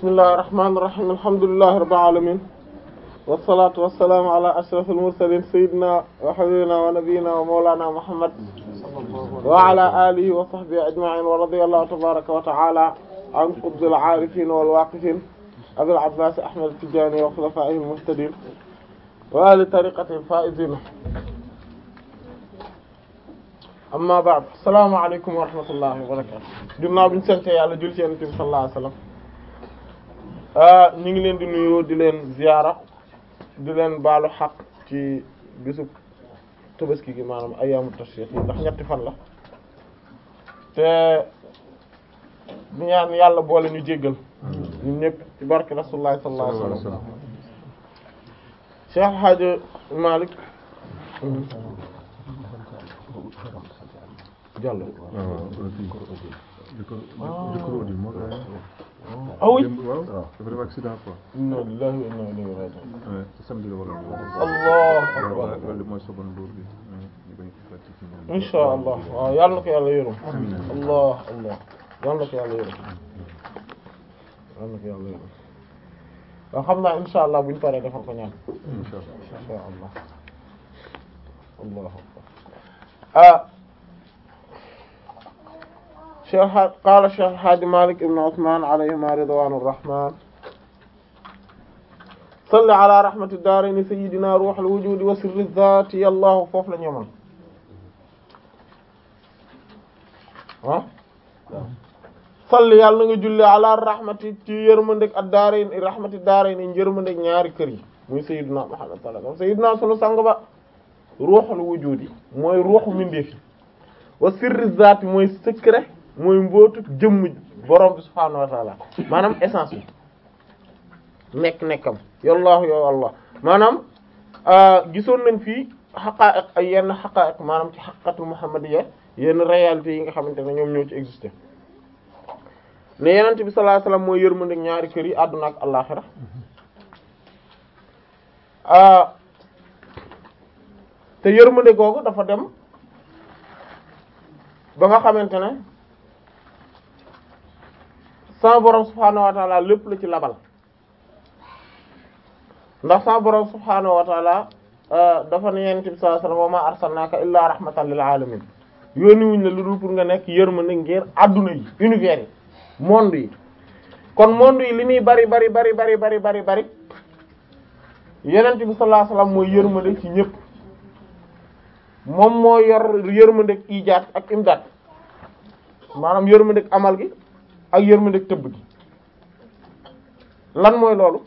bismillahi rahmaani rahiim alhamdulillahi rabbil aalamiin wassalaatu wassalaamu ala ashrafil mursaliin sayyidina wa habiibina wa nabiyyina wa mawlaana Muhammad wa ala aalihi wa sahbihi ajma'iin wa radiyallahu tabaaraka wa ta'aala an qutbil aarifiin wal waaqifiin abil abbaas ahmad tijaani wa xulafaa'ihil muhtadiin wa ahli tariiqatihil faa'iziin amma ba'd assalaamu aleykum wa rahmatullahi wa barakaatuh ginnaaw bi ñu sant Yàlla julli ci Yonent bi sallallahu alayhi wa sallam ñu ngi leen di nuyu di leen ziyaara di leen baalu xaq ci bisub tabaski gi maanaam ayyaamu tashriiq yi ndax ñetti fan la te ñaan yàlla boole ñu jéggal ñun ñëpp ci barke Rasulullah sallallahu alayhi wa sallam Cheikh Hadj ah oui waaw dafa def accident quoi. non la non non non. samedi la wala. allah akbar loolu mooy soban buur bi. incha allah waaw yàlla na ko yàlla yërëm. allah allah yàlla na ko yàlla yërëm. yàlla na ko yàlla yërëm. waaw xam naa incha allah buñ paree defal ko ñaan. incha allah incha allah. allah akbar ah. cheikh qaala cheikh alhaaji malik ibn usman alayhima ridwanu rahman salli ala rahmati daarayni sayidina ruuxal wujudi wa sirri zaati yàllaahu foofu la ñu yemoon ah salli yàlla nga julli ala rahmati ci yërmandeg ak daarayni rahmati daarayni yërmandeg ñaari kër yi muy sayidina muhammad sallallahu alayhi sayidina sunu sang ba ruuxal wujudi mooy ruuxu mindeefi wa sirri zaati mooy secret mooy mbootu jëmm borom bi subhaanahu wa maanaam essence bi nekk nekkam yallahu ya allah maanaam ah, gisoon nañ fii xaqaa'iq ay yenn xaqaa'iq maanaam ci xaqiiqatul muhammadiyya yenn réalités yi nga xamante ne ñoom ñoo ci existé ne yenente bi sallallahu alayhi wasallam mooy yërmande ñaari kër yi àdduna ak àllaxira ah, te yërmande googu dafa dem ba nga xamante ne saa borom subhaanahu wa lépp la ci labal ndax sama borom subhaanahu wa euh, dafa ne yonent bi sallallahu alayhi wa sallam wa maa arsalnaaka illaa rahmatan lil aalamiin yónni wuñ la lu dul pour nga nekk yërmande ngir adduna yi univers yi monde yi kon monde yi li muy bari bari bari bari bari bari bari yonent bi sallallahu alayhi mooy yërmande ci ñépp moom moo yor yërmande ijaat ak imdaat maanaam yërmande amal gi ak yërmandeeg tëbb gi lan mooy loolu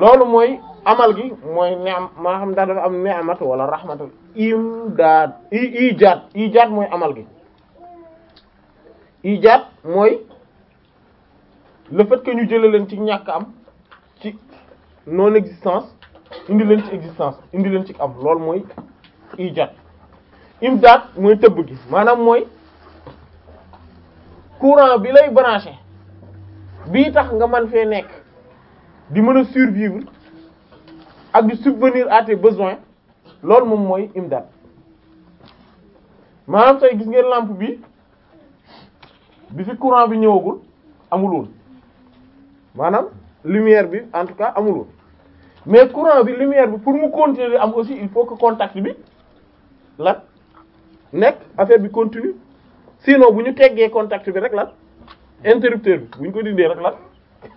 loolu mooy amal gi mooy neam maa xam daal dafa am neamat wala rahmat imdaad i ijaad ijaad mooy amal gi ijaad mooy le fait que ñu jële leen ci ñàkk am ci non existence indi leen ci existence indi leen ci am lool mooy ijaad imdaad mooy tëbb gi maanaam mooy courant bi lay branché bii tax nga man fee nekk di mën a survivre ak di subvenir à tes loolu moom mooy imdad maanaam tey gis ngeen lampe bi bi fi courant bi ñëwagul amul maanaam lumière bi en tout cas amul mais courant bi lumière bi pour mu continuer am aussi il faut que contact bi la nekk affaire bi continue sinon bu ñu teggee contact bi rek lan interrupteur bi bu ñu ko dindee rek lan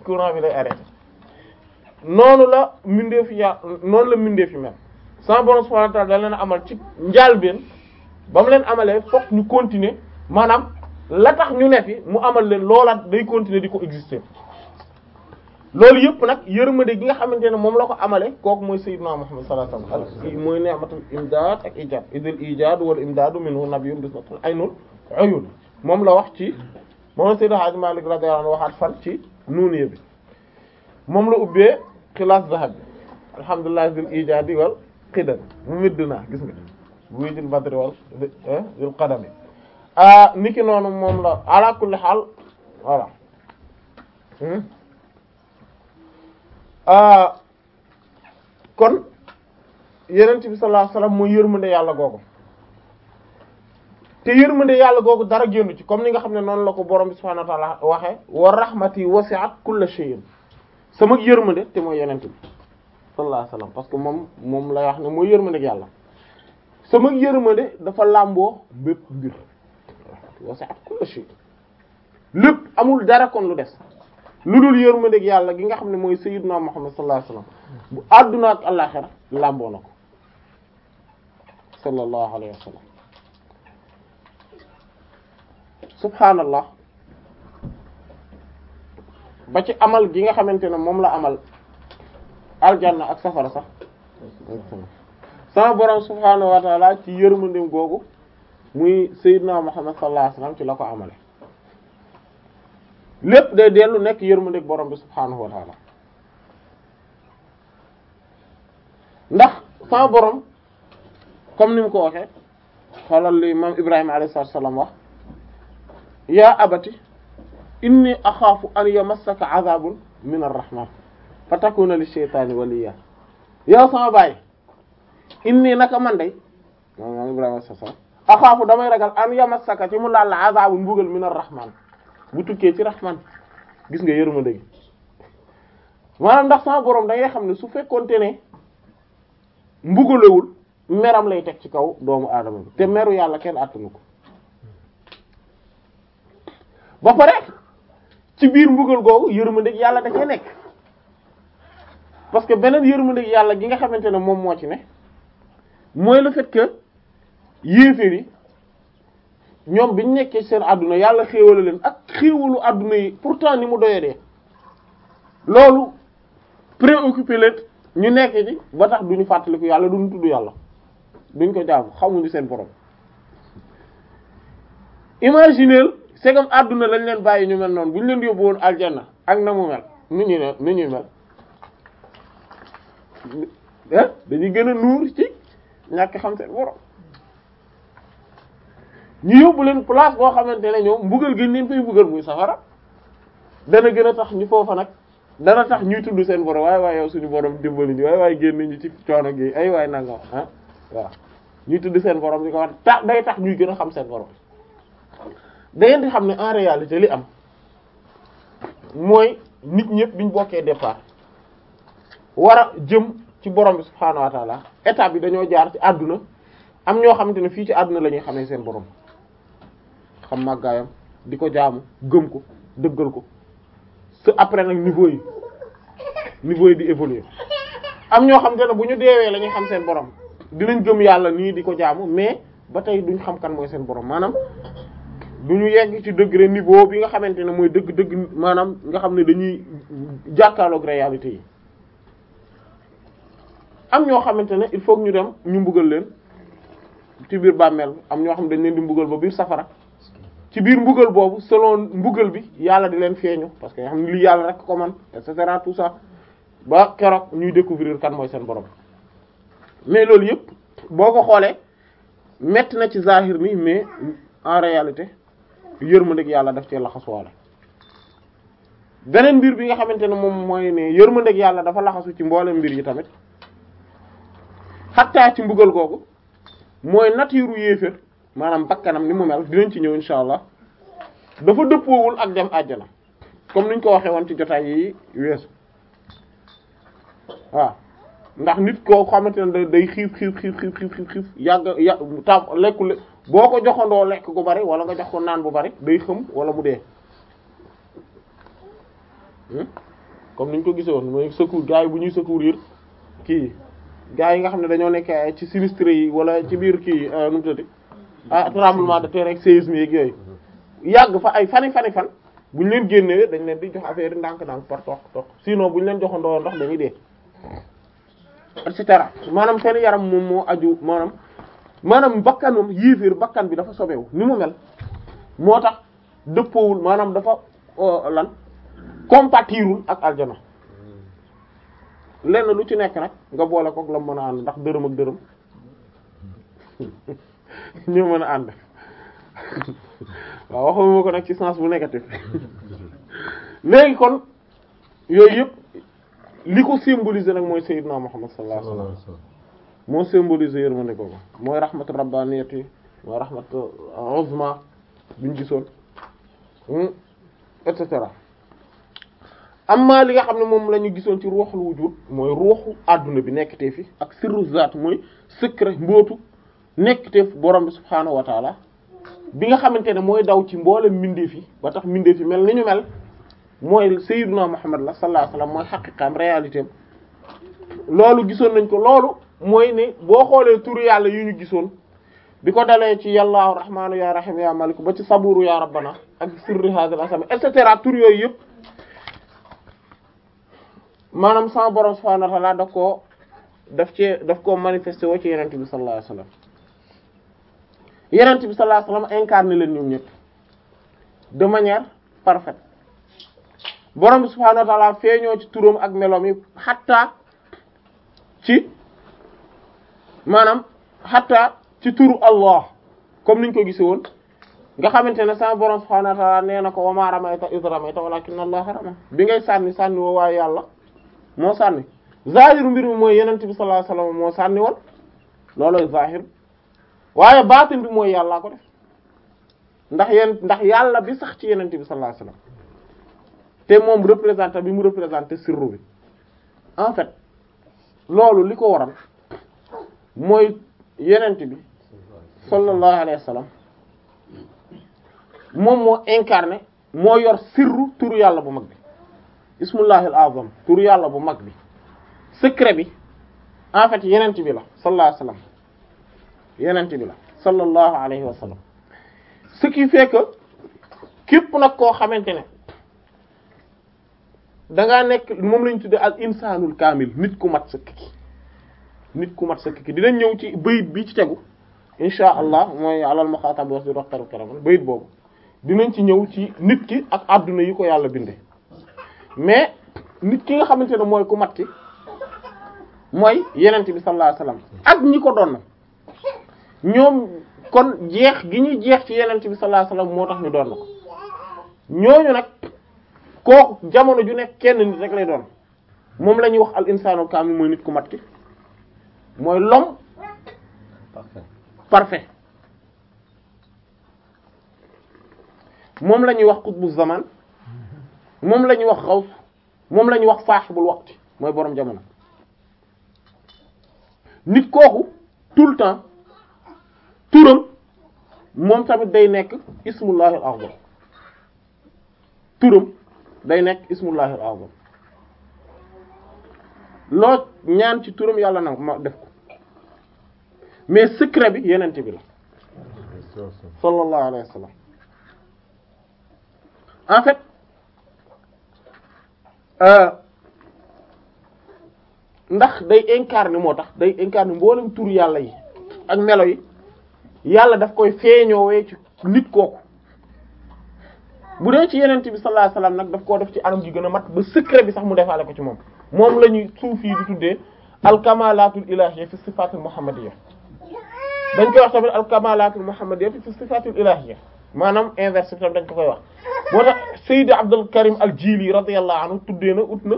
courant bi lay arrêté noonu la mbindeef ya noonu la mbindeef fi mel sans borom subhanahu wa ta'ala da leen amal ci njaalbeen ba mu leen amalee fokk ñu continuer maanaam la tax ñu ne fi mu amal leen loolaat day continuer di ko exister loolu yëpp nag de gi nga xamante ne moom la ko amalee kooku mooy sayyidna Muhammad sallallahu alayhi wasallam mooy ni'matul imdaad ak ijaad idil ijaad wal imdaadu minhu nabiyyun bisnatul aynul uyun moom la wax ci moom Seydi Hadji Malick radiyallahu anhu waxaat fan ci nuuniya bi moom la ubbee xilaas zahab bi alhamdulillah zil ijaadi wal qidam mu midd naa gis nga badri wal dil eh, qadami ah, niki noonu moom la ala kulli xaal voilà hmm? ah, kon yenent bi sallallahu alayhi wasallam mooy yërmande yàlla googu te yërmande yàlla googu dara génnu ci comme ni nga xam ne noonu la ko borom bi subhanahu wa ta'ala waxee wa rahmati wasi'at kulla sama yërmande te mooy yonent bi sallallahu alayhi wasallam parce que moom moom lay wax ne mooy yërmande ak yàlla sama dafa làmboo bépp amul dara kon lu des lu dul yërmande ak yàlla gi nga xam ne mooy sayyidna Muhammad sallallahu alayhi wasallam bu àdduna ak àllaxira làmboo na ko sallallahu alayhi wasallam subhaanallah ba ci amal gi nga xamante ne moom la amal aljanna ak safara sax sama borom subhaanahu wa taala ci yërmandim googu muy sayyidna muhammad sallallahu alayhi wasallam ci la ko amale lépp day dellu nekk yërmandik borom bi subhaanahu wa taala ndax sama borom comme ni mu ko waxee xoolal li moom ibrahima alayhi salaam wax yaa abati inni axaafu an yamassaka azabun min arrahman fa takuna li shaytaani waliya yow sama baay inni naka man day maam Ibrahima damay ragal an yamassaka ci mu laal la azabun mbugal min arrahman bu tukkee ci rahman gis nga yërmande gi maanaam ndax sama boroom da xam ne su fekkoonte ne mbugalewul meram lay teg ci kaw doomu aadama bi te meru yàlla kenn attanu ko ba pare ci biir mbugal googu yërmandeeg yàlla da cee nekk parce que beneen yërmandeeg yàlla gi nga xamante ne moom moo ci ne mooy la fait que yéeféer yi ñoom biñ nekkee seen àdduna yàlla xéewale leen ak xéewalu àdduna yi pourtant ni mu doyadee loolu préoccupé leen ñu nekk ci ba tax ñu fàttaliku yàlla duñu tudd yàlla duñ ko jaamu xamuñu seen borom imagineel segam àdduna lañ leen bàyyi ñu mel noonu bu ñu leen yóbbu woon aljanna ak na mu mel nu ñuy mel nu ñuy mel eh? dañuy gën a nuur ci ñàkk xam seen borom ñu yóbbu leen place boo xamante ne ñoom mbugal gën leen fay mbugal muy safara dana gën a tax ñu foofa nag dana tax ñuy tudd seen borom waaye waaye yow suñu borom dimbali ñu waaye waaye génn ñu ci coono gi ay waaye nangam ah waaw ñuy tudd seen borom di ko wax tax day tax ñuy gën a xam seen borom da ngeen di xam ne en réalité li am mooy nit ñëpp biñ bokkee départ war a jëm ci borom bi subhaanahu wa taala bi dañoo jaar ci àdduna am ñoo xamante ne fii ci àdduna la ñuy xamee seen borom xam màggaayam di ko jaamu gëm ko dëggal ko ce après nag niveau yi niveau yi di évoluer am ñoo xam nga ne bu ñu deewee lañuy ñuy xam seen borom dinañ gëm yàlla nii di ko jaamu mais ba tey duñ xam kan mooy seen borom maanaam du ñu yegg ci degré niveau bi nga xamante ne mooy dëgg dëgg maanaam nga xam ne dañuy jàkkaarloog réalité yi am ñoo xamante ne il faut ñu dem ñu mbugal leen ci biir bàmmeel am ñoo xam ne dañ leen di mbugal ba biir safara ci biir mbugal boobu selon mbugal bi yàlla di leen feeñu parce que nga xam ne yàlla rek ko man et cetera tout ça ba keroog ñuy découvrir kan mooy seen borom mais loolu yëpp boo ko xoolee metti na ci zahir ni mais en réalité yërmandeeg yàlla def ci laxasuwaale beneen mbir bi nga xamante ne moom mooy ne yërmandeeg yàlla dafa laxasu ci mboolem mbir yi tamit xattaa ci mbugal googu mooy natiiru yéefér maanaam bakkanam ni mu mel dinañ ci ñëw insha allah dafa dëppoowul ak dem àjjana comme niñ ko waxee woon ci jotaay yi weesu waaw ndax nit koo xamante ne day xiif xiif xiif xiif xiif xiif xiif yàgg yàgg boo ko joxandoo lekk gu bari wala nga jox ko naan bu bari day xëm wala mu dee hmm? comme niñ ko gisoon mooy secours gars yi bu ñuy secourir kii gars yi nga xam ne dañoo nekk eh, ci sinistre yi wala ci biir kii eh, nu mu tëddee ah tremblement de terre ak séisme yeeg yàgg fa ay fani fani fan bu ñu leen génnee dañ leen di jox affaire ndànk-ndànk par toq toq sinon bu ñu leen joxandoo ndox dañuy dee et cetera maanaam seen yaram moom moo aju maanaam. maanaam bakkanam yiifiir bakkan bi dafa sobewu ni mu mel moo tax dëppoowul maanaam dafa oh, lan compatirul ak aljana lenn lu ci nekk nag nga boole kook la mën a ànd ndax dërëm ak dërëm ñu mën a ànd waaw waxuma ko nag ci sens bu négatif léegi kon yooyu yëpp li ko symboliser nag mooy Seydina Muhammad sallallahu alayhi moo symbolise yërmande googu mooy rahmatu rabbaniyati mooy rahmatu uzma biñ gisoon hmm, et cetera amma li nga xam ne moom lañu gisoon ci ruuxul wujud mooy ruuxu adduna bi nekkatee fi ak sirru zaat mooy secret mbootu nekkatee borom bi subhaanahu wa bi nga xamante ne mooy daw ci mboole mbindeef yi ba tax mbindeef yi mel ni ñu mel mooy sayyiduna Muhammad la sallallahu alayhi wasallam mooy xaqiqaam réalité am loolu gisoon nañ ko loolu mooy ne boo xoolee turu yàlla yu ñu gisoon bi ko dalee ci yàllaahu rahmaanu yaa rahim yaa malik ba ci saburu yaa rabbana ak sirri hadal asami et cetera tur yooyu yëpp maanaam sama borom subhanahu wa ta'ala daf koo daf cee daf woo ci yenente bi sallallahu alayhi wasallam yenente bi sallallahu alayhi wasallam leen ñoom ñëpp de manière parfaite borom bi subhanahu feeñoo ci turam ak meloom yi xatta ci maanaam xatta ci turu Allah comme niñ ko gise woon nga xamante ne sa borom subhaanahu wa ta'aala nee na ko wa maa ramayta iz ramayta walaakinna a ramaa bi ngay sànni sànni woo waaye yàlla moo sànni zahiru mbir mi mooy yenent bi sallallahu alayhi moo sànni woon looloy zahir waaye baatin bi mooy yàllaa ko def ndax yàlla bi sax ci yenent bi sallallahu alayhi wasallam te moom représentant bi mu représenté sirru bi en fait loolu li ko waral mooy yenent bi sallallahu alayhi wa sallam moom moo incarné moo yor sirru turu yàlla bu mag bi ismullahil azam turu yàlla bu mag bi secret bi en fait yenent bi la sallallahu alayhi wa sallam yenent bi la sallallahu alayhi wa sallam ce nag koo xamante ne da nekk moom lañ tudde al insanul kaamil nit ku mat sëkk nit ku mat sëkk ki dinañ ñëw ci bayit bi ci tegu insha allah mooy alal ma xaatam bi wax di roxtaru karaman bayit boobu dinañ ci ñëw ci nit ki ak àdduna yi ko yàlla binde mais nit ki nga xamante ne mooy ku mat ki mooy yenent bi sallallahu alayhi ak ñi ko doon ñoom kon jeex gi ñuy jeex ci yenent bi sallallahu alayhi moo tax ñu doon na ko ñooñu nag kooku jamono ju nekk kenn nit rek lay doon moom la ñuy wax al insaanu kaamil mooy nit ku mat ki mooy lom parfait moom la ñuy wax qutbu zaman moom la ñuy wax xaws moom la ñuy wax saaxibul waqti mooy boroom jamono nit kooku tout le temps turam moom tamit day nekk ismullahil azam turam day nekk ismullahil azam loo ñaan ci turam yàlla na ma def ko mais secret bi yenente bi la sallallahu alayhi wa sallam en fait euh, ndax day incarner moo tax day incarner mboolem tur yàlla yi ak melo yi yàlla daf koy feeñoowee ci nit kooku bu dee ci yenente bi sallallahu alayhi wa sallam nag daf koo def ci anam ji gën a mat ba secret bi sax mu defaale ko ci moom moom la ñuy suufi di tuddee alkamalatul ilahiyya fi sifatil muhammadiyya dañ koy wax tamit alkamalatul muhammadiyya fi sifatil ilahiyya maanaam inverse tamit dañ ko koy wax moo tax Sayyid Abdul Karim al Jili radiyallahu anhu tuddee na ut na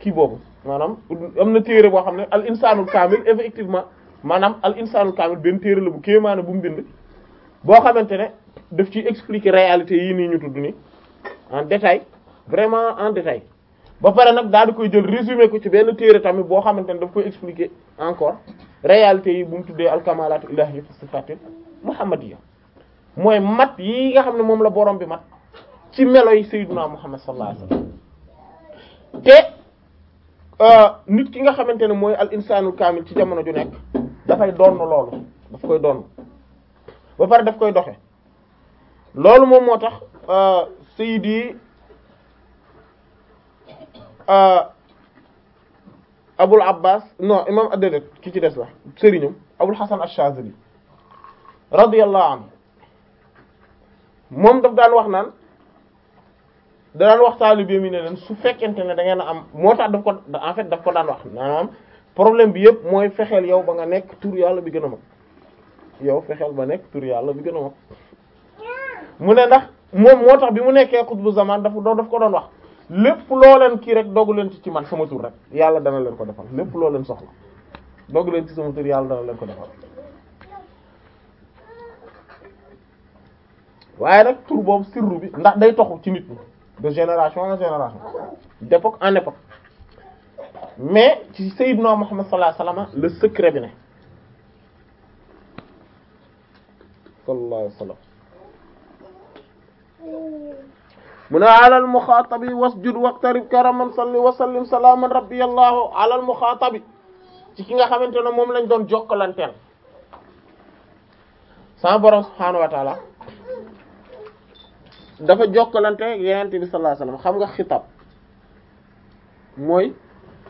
kii boobu maanaam am na téere boo xam ne al insanul kaamil effectivement maanaam al insanul kaamil benn téere la bu kéemaane bu mu bind boo xamante ne daf ci expliquer réalité yi nii ñu tudd nii en détail vraiment en détail ba pare nag daal di koy jël résumé ko ci benn téere tamit boo xamante ne daf koy expliquer encore réalité yi bu mu tuddee alkamalaatu ilahiyya fi sifatil muhammadiyya mooy mat yi nga xam ne moom la borom bi mat ci melo yi sayyiduna muhammad sallallahu alayhi wasallam te euh, nit ki nga xamante ne mooy al insaanul kaamil ci jamono ju nekk dafay donn loolu daf koy donn ba pare daf koy doxe loolu moom moo tax euh, sayyidi Euh, Abul Abbas no imam addédét ki ci des la sëriñam Abul Hasan Ash-Shazili radiyallahu anhu moom daf daan wax naan da daan wax taalibe mi ne leen su fekkent ne da ngeen a am moo tax daf ko en fait ko daan wax maanaam problème bi yëpp mooy fexeel yow ba nga nekk tur yàlla bi gën a mag yow ba nekk tur bi gën a mag mu ne ndax moom moo tax bi mu nekkee xutbu zaman dafa daf ko doon wax lépp loo leen kii rek dogu leen ci ci man sama tur rek yàlla dana leen ko defal lépp loo leen soxla dogu leen ci sama tur yàlla dana leen ko defal waaye nag tur boobu sirru bi ndax day toxu ci nit ñi de génération en génération d'époque en époque mais ci Seydina Muhammad sallallahu alayhi wa sallam bi ne sallallahu alayhi mun mu ne alal muxaatabi wasjud waqtarib karaman salli wa sallim salaaman rabbiyallahu alal muxaatabi ci ki nga xamante ne moom lañ doon jokkalanteel sama borom subhaanahu wa dafa jokkalante yenente bi sallallahu xam nga xitaab mooy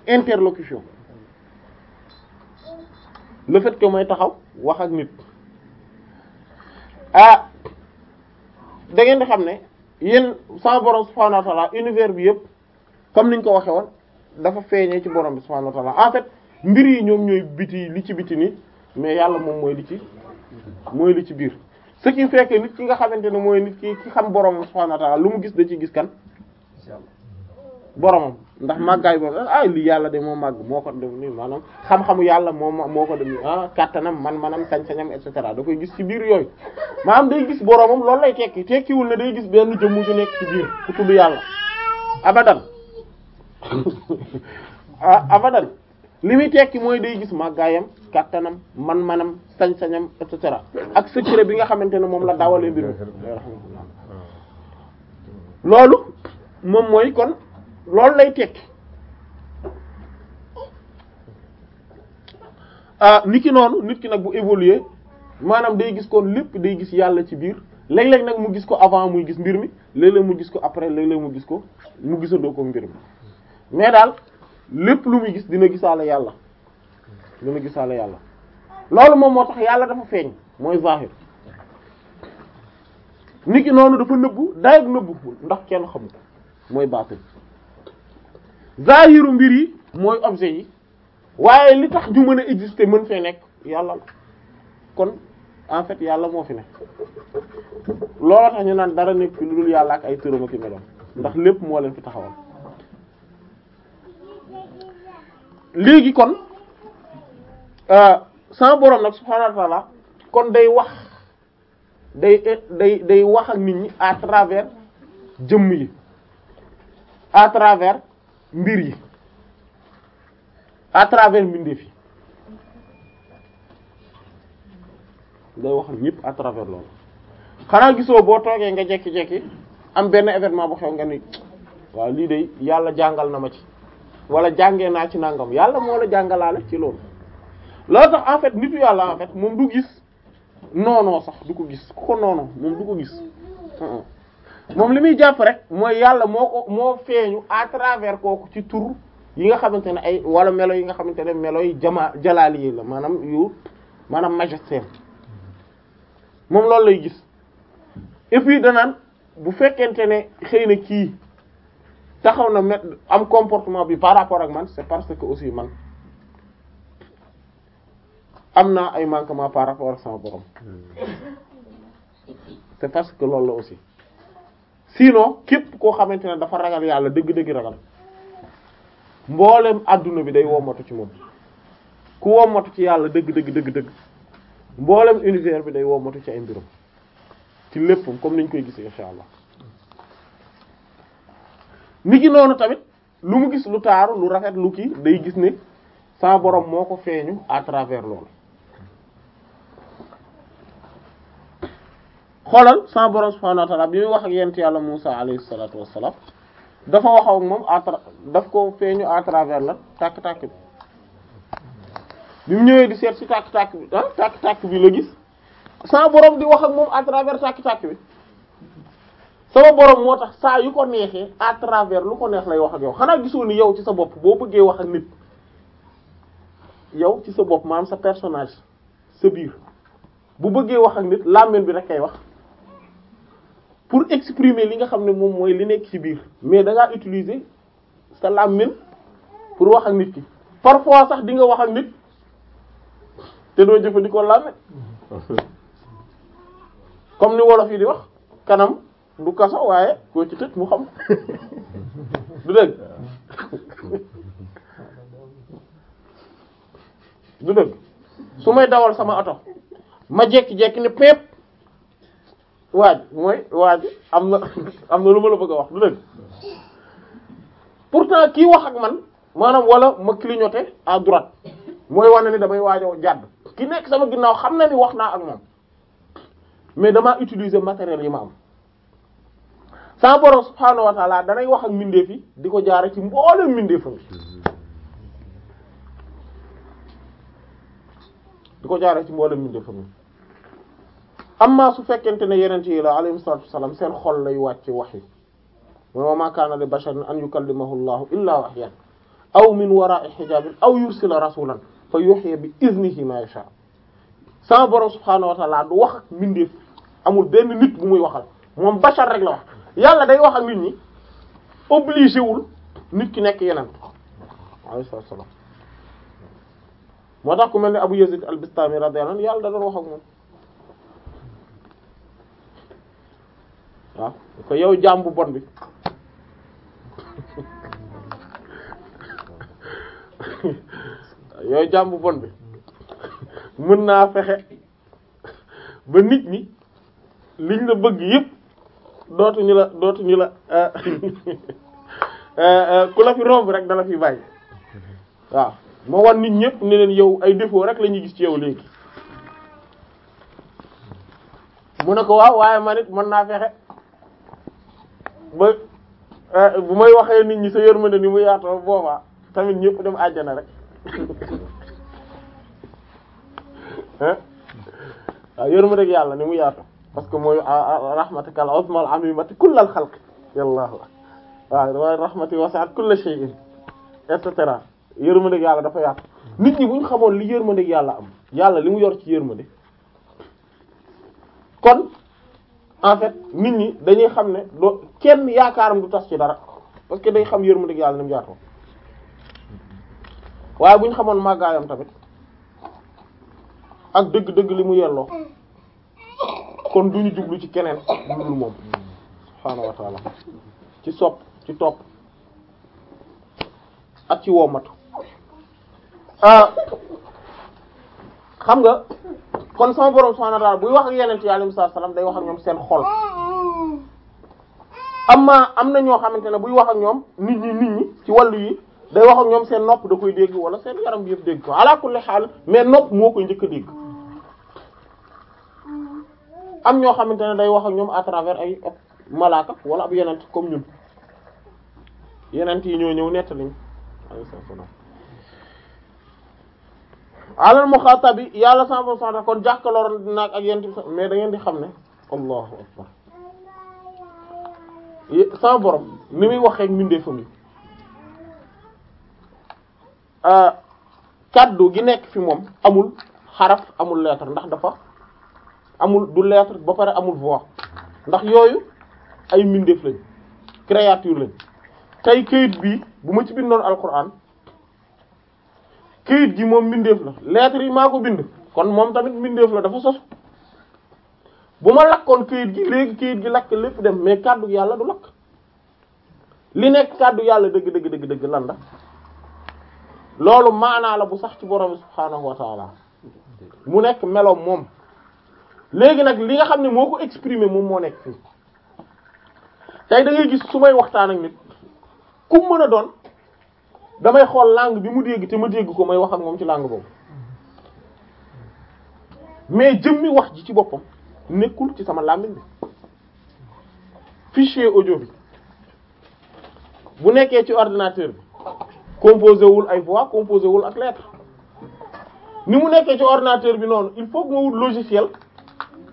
interlocution le fait mooy taxaw wax ak nit ah da ngeen di xam ne yéen sa borom subhaanahu wa ta'ala univers bi yëpp comme ñu ko waxee woon dafa feeñee ci borom bi subhaanahu wa ta'ala en fait mbir yi ñoom ñooy biti li ci biti nii mais yàlla moom mooy li ci mooy li ci biir ce qui fekkee nit ki nga xamante ne mooy nit ki ki xam borom subhaanahu wa ta'ala lu mu gis da ciy gis kan boromam ndax màggaay boobu ah lii yàlla de moo màgg moo ko def nii maanaam xam-xamu yàlla moo moo ko def nii ah kattanam man manam sañ-sañam et cetera da koy gis ci biir yooyu maanaam day gis boromam loolu lay tekki tekkiwul ne day gis benn jëmm ju nekk ci biir ku tudd yàlla abadan ah abadan li muy tekki mooy day gis màggaayam kattanam man manam sañ-sañam et cetera ak secret bi nga xamante ne moom la dawalee mbir mi loolu moom mooy kon. loolu lay tekki ah nit ki noonu nit ki nag bu évoluer maanaam day gis kon lépp day gis yàlla ci biir léeg-léeg nag mu gis ko avant muy gis mbir mi léeg-léeg mu gis ko après léeg-léeg mu gis ko mu gisandoo ko mbir mi mais daal lépp lu muy gis dina gisaale yàlla dina gisaale yàlla loolu moom moo tax yàlla dafa feeñ mooy zahir nit ki noonu dafa nëbbu daay nëbbu ndax kenn xamul mooy baatin zahiru mbir yi mooy objet yi waaye li tax ñu mën a exister mën fee nekk yàlla la kon en fait yàlla moo fi nekk looloo tax ñu naan dara nekk fi lu dul yàlla ak ay tërëm ak i meloom ndax lépp moo leen fi taxawal léegi kon euh, sama borom nag subhaanahu wa kon day wax day day day wax ak nit ñi à travers jëmm yi à travers mbir yi à travers mbindeef yi day waxal ñëpp à travers loolu xanaa gisoo boo toogee nga jekki-jekki am benn événement bu xew nga ni waaw lii de yàlla jàngal na ma ci wala jàngee naa ci nangam yàlla moo la jàngalaale ci loolu loolu tax en fait nitu yàlla en moom du gis noonoo sax du ko gis ku ko noonoo moom du ko gis moom li muy jàpp rek mooy yàlla moo ko moo feeñu à travers kooku ci tur yi nga xamante ne ay wala melo yi nga xamante ne melo yi jama jalaal yi la maanaam yu maanaam majesté moom loolu lay gis et puis danaan bu fekkente ne xëy na kii taxaw na met am comportement bi par rapport ak man c'est parce que aussi man am na ay manquement par rapport ak sama borom hmm. c'est parce que loolu la aussi sinon képp koo xamante ne dafa ragal yàlla dëgg-dëgg ragal mboolem àdduna bi day wommatu ci moom ku wommatu ci yàlla dëgg dëgg dëgg mboolem univers bi day wommatu ci ay mbirum ci léppam comme niñ koy gisee insha allah ni ki noonu tamit lu mu gis lu taaru lu rafet lu ki day gis ni sa borom moo ko feeñu à travers loolu xoolal sa borom subhaanahu wa bi muy wax ak yent yàlla Musaa alayhi salaatu wassalaam dafa wax ak moom à daf ko feeñu à la tàkk-tàkk bi bi mu ñëwee di seet si tàkk-tàkk bi ah tàkk-tàkk bi la gis sa borom di wax ak moom à tàkk-tàkk bi sama borom moo tax saa yu ko neexee à travers lu ko neex lay wax ak yow xanaa gisoo ni yow ci sa bopp boo bëggee wax ak nit yow ci sa bopp maanaam sa personnage sa biir bu bëggee wax ak nit làmmiñ bi rek kay wax pour exprimer li nga xam ne moom mooy li nekk ci biir mais dangaa ngaa utiliser sa làmmiñ pour wax ak nit ki parfois sax di nga wax ak nit te doo jëfandikoo làmmiñ comme ni wolof yi di wax kanam du kaso waaye koo ci tëj mu xam du dëgg du dëgg su may dawal sama oto ma jekki-jekki ne peep waaj mooy waaj am na am na lu ma la bëgg a wax du dëgg pourtant kii wax ak man maanaam walla ma clignoté à droite mooy wane ni damay waajoo jàdd ki nekk sama ginnaaw xam na ni wax naa ak moom mais damaa utiliser matériel yi ma am sa borom subhaanahu wa ta'ala danay wax ak mbindeef yi di ko jaare ci mboolem mbindeefam di ko jaare ci mboolem mbindeefam amma su fekkente ne yeneen yi la alayhi seen xol lay wàcce waxyi wa maa kaana li basharin an yukallimahu llahu illaa wahyan aw min waraa'i hijaabin aw yursila rasulan fa yuhya bi iznihi maa yashaa sama borom subhaanahu wa ta'aala wax ak amul benn nit bu muy waxal moom bashar rek la wax yàlla day wax ak nit ñi obligé nit ki nekk yeneen alayhi salaatu moo tax ku mel ni Abu Yazid al-Bistami radiyallahu anhu yàlla da doon wax moom waaw ko yow jaam bu bon bi yow jaam bu bon bi mën naa fexe ba nit ñi liñ la bëgg yépp dootuñu la dootuñu la eh, eh, ku la fi romb rek dala fi bàyyi waaw ma wan nit ñépp ne leen yow ay défaut rek la ñuy gis ci yow léegi mu ne ko waaw waaye man it mën naa fexe ba eh, bu may waxee nit ñi sa yërmande ni mu yaatoo boobaa tamit ñëpp dem àjjana rek eh? waaw yërmande yàlla ni mu yaatoo parce que mooy ah, ah, rahmatikal uzmal amimati kullal xalqi yàlla waaw waaye rahmati wasi'at kulla shay'in et cetera yërmande yàlla dafa yaatu nit ñi buñ ñu xamoon li yërmande yàlla am yàlla li mu yor ci yërmande kon en fait nit ñi dañuy xam ne doo kenn yaakaaram du tas ci dara parce que day xam yërmandeeg yàlla ni mu yaatoo waaye bu ñu xamoon màggaayam tamit ak dëgg-dëgg li mu yelloo kon du ñu jublu ci keneen lu dul moom subhaanahu wa ci sopp ci topp ak ci womatu ah xam nga kon sama borom subhanahu na ta'ala buy wax ak yenent yi alayhi salaam day wax ak ñoom seen xol amma am na ñoo xamante ne buy wax ak ñoom nit ñi nit ñi ci wàllu yi day wax ak ñoom seen nopp da koy dégg wala seen yaram bi yëpp dégg ko ala kulli xaal mais nopp moo koy njëkk a dégg am ñoo xamante ne day wax ak ñoom à travers ay malaaka wala ab yenent comme ñun yenent yi ñoo ñëw nettaliñ alayhi alal muxaatabi yàlla cent pour cent kon jàkkaloor naag ak yent bi mais da ngeen di xam ne allahu akbar sama borom ni muy waxee mbindee fa mi euh, kaddu gi nekk fi moom amul xaraf amul lettre ndax dafa amul du lettre ba pare amul voix ndax yooyu ay mbindeef lañ créature lañ tey kayit bii bu ma ci bindoon alquran këyit gi moom mbindeef la lettre yi maa ko bind kon moom tamit mbindeef la dafa sos bu ma lakkoon këyit gi léegi këyit gi lakk lépp dem mais kàddu yàlla du lakk li nekk kàddu yàlla dëgg dëgg dëgg dëgg lan la loolu maanaa la bu sax ci borom subhaanahu wa taala mu nekk meloom moom léegi nag li nga xam ne moo ko exprime moom moo nekk fii tey da gis su may waxtaan ak nit ku mën a doon damay xool langue bi mu dégg te ma dégg ko may wax ak moom ci làng boobu mais jëmmi wax ji ci boppam nekkul ci sama làmmiñ bi fichier audio bi bu nekkee ci ordinateur bi composé wul ay voix composé wul ak lettre ni mu nekkee ci ordinateur bi noonu il faut que ma wut logiciel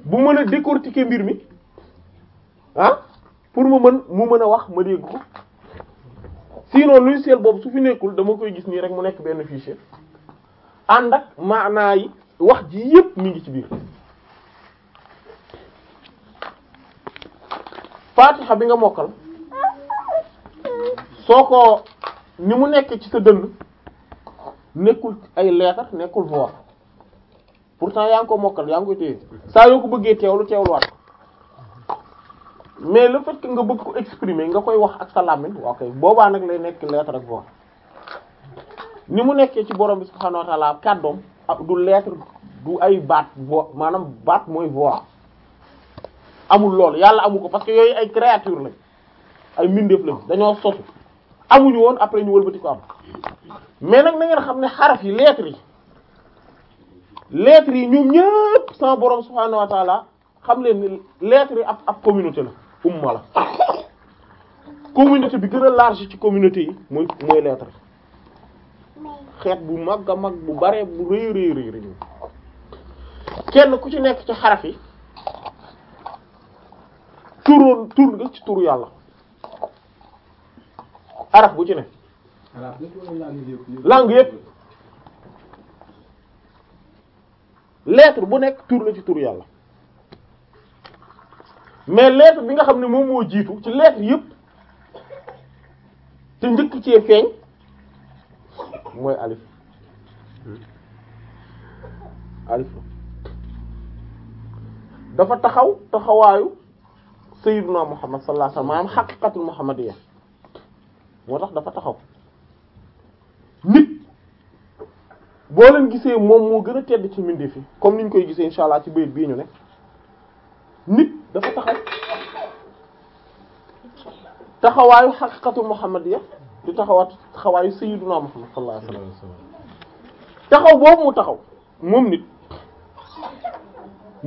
bu mën a décortiquer mbir mi ah pour ma mën mu mën a wax ma dégg ko sinon logiciel boobu su fi nekkul dama koy gis nii rek mu nekk benn fichier ànd ak maanaa yi wax ji yépp mu ngi ci biir fatiha bi nga mokkal soo ko ni mu nekk ci sa dënn nekkul ay lettres nekkul voix pourtant yaa ngi ko mokkal yaa ngi koy téye saa yoo ko bëggee teewlu teewluwaat mais lu fait nga bëgg ko exprimer nga koy wax ak sa làmmiñ waaw kay boobaa nag lay nekk lettre ak voix ni mu nekkee ci borom bi subhaanahu wa ta'ala kàddoom ah, du lettre du ay baat voix maanaam baat mooy voix amul loolu yàlla amu ko parce que yooyu ay créature lañ ay mbindeef lañ dañoo sosu amuñu woon après ñu wëlbati ko am mais nag na xam ne xaraf yi lettres yi lettres yi ñoom ñëpp sama borom subhaanahu wa xam leen letre yi ab ab communauté la. umma la communauté bi gën a large ci communauté yi mooy mooy lettre xeet bu mag a mag bu bare bu rëy rëy rëy kenn ku ci nekk ci xaraf yi turoon tur nga ci turu yàlla araf bu ci ne langue yépp lettre bu nekk tuur la ci turu yàlla mais lettre bi nga xam ne moom moo jiitu ci lettre yépp te njëkk cee feeñ mooy alif alif dafa taxaw taxawaayu sayyiduna muhammad sallallahu alayhi wasallam xaqiqatul muhammadiyya moo tax dafa taxaw nit boo leen gisee moom moo gën a tedd ci mbindeef yi comme ñu koy gisee insha allah ci bayit bii ñu ne nit dafa taxaw taxawaayu xaqiqatu muhammadiyya di taxawaat taxawaayu sayyiduna muhammad taxaw boobu mu taxaw moom nit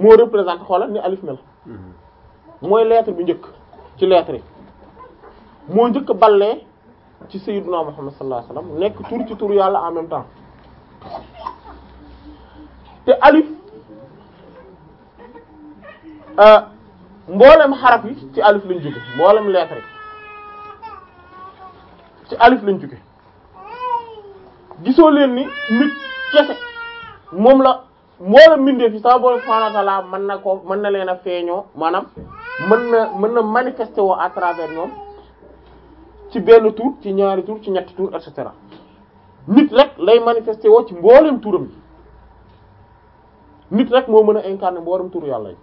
moo représente xoolal ni alif mel mooy lettre bi njëkk ci lettre moo njëkk a ci ci sayyiduna muhammad sallallahu alayhi wasallam nekk tur ci tur yàlla en même temps te alif Euh, mboolem xarab yi ci alif lañ jóge mboolem lettre yi ci alif lañ jóge gisoo leen ni nit kese moom la mboolem mbindeef fi sama borom subhanahu mën na ko mën na leen a feeñoo maanaam mën na mën na manifester woo à travers ñoom ci benn tur ci ñaari tur ci ñetti tur et cetera nit rek lay manifester woo ci mboolem turam yi nit rek moo mën a incarner mboolem tur yàlla yi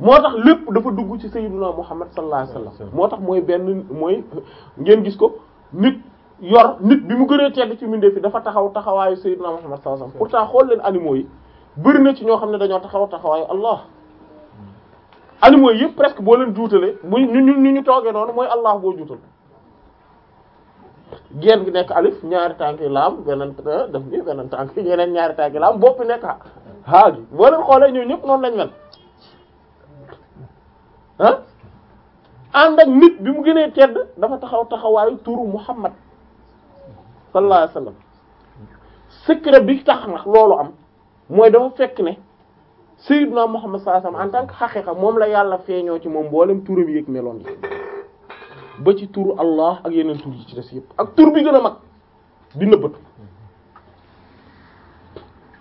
moo tax lépp dafa dugg ci sayyiduna Muhammad sallallahu alayhi wasallam moo tax mooy benn mooy ngeen gis ko nit yor nit bi mu gënee tedd ci mbindeef fi dafa taxaw taxawaayu sayyiduna Muhammad sallallahu alayhi wasallam pourtant xool leen animaux yi bëri na ci ñoo xam ne dañoo taxaw taxawaayu Allah animaux yi yëpp presque boo leen juutalee muy ñu ñu ñu toogee noonu mooy Allah boo juutal geen gi nekk alif ñaari tànk yi laam beneen def bi beneen tànk yi ñeneen ñaari tànk yi laam bopp nekk ha gi boo leen xoolee ñoom ñëpp noonu lañ mel ah ànd ak nit bi mu gënee tedd dafa taxaw taxawaayu turu Muhammad sallallahu alayhi wasallam secret bi tax na loolu am mooy dafa fekk ne Sayyidna Muhammad sallallahu alayhi wasallam en tant que xaqiqa moom la yàlla feeñoo ci moom mboolem turu bi yëg meloon yi ba ci turu Allah ak yeneen tur yi ci des yëpp ak tur bi gën a mag di nëbbatu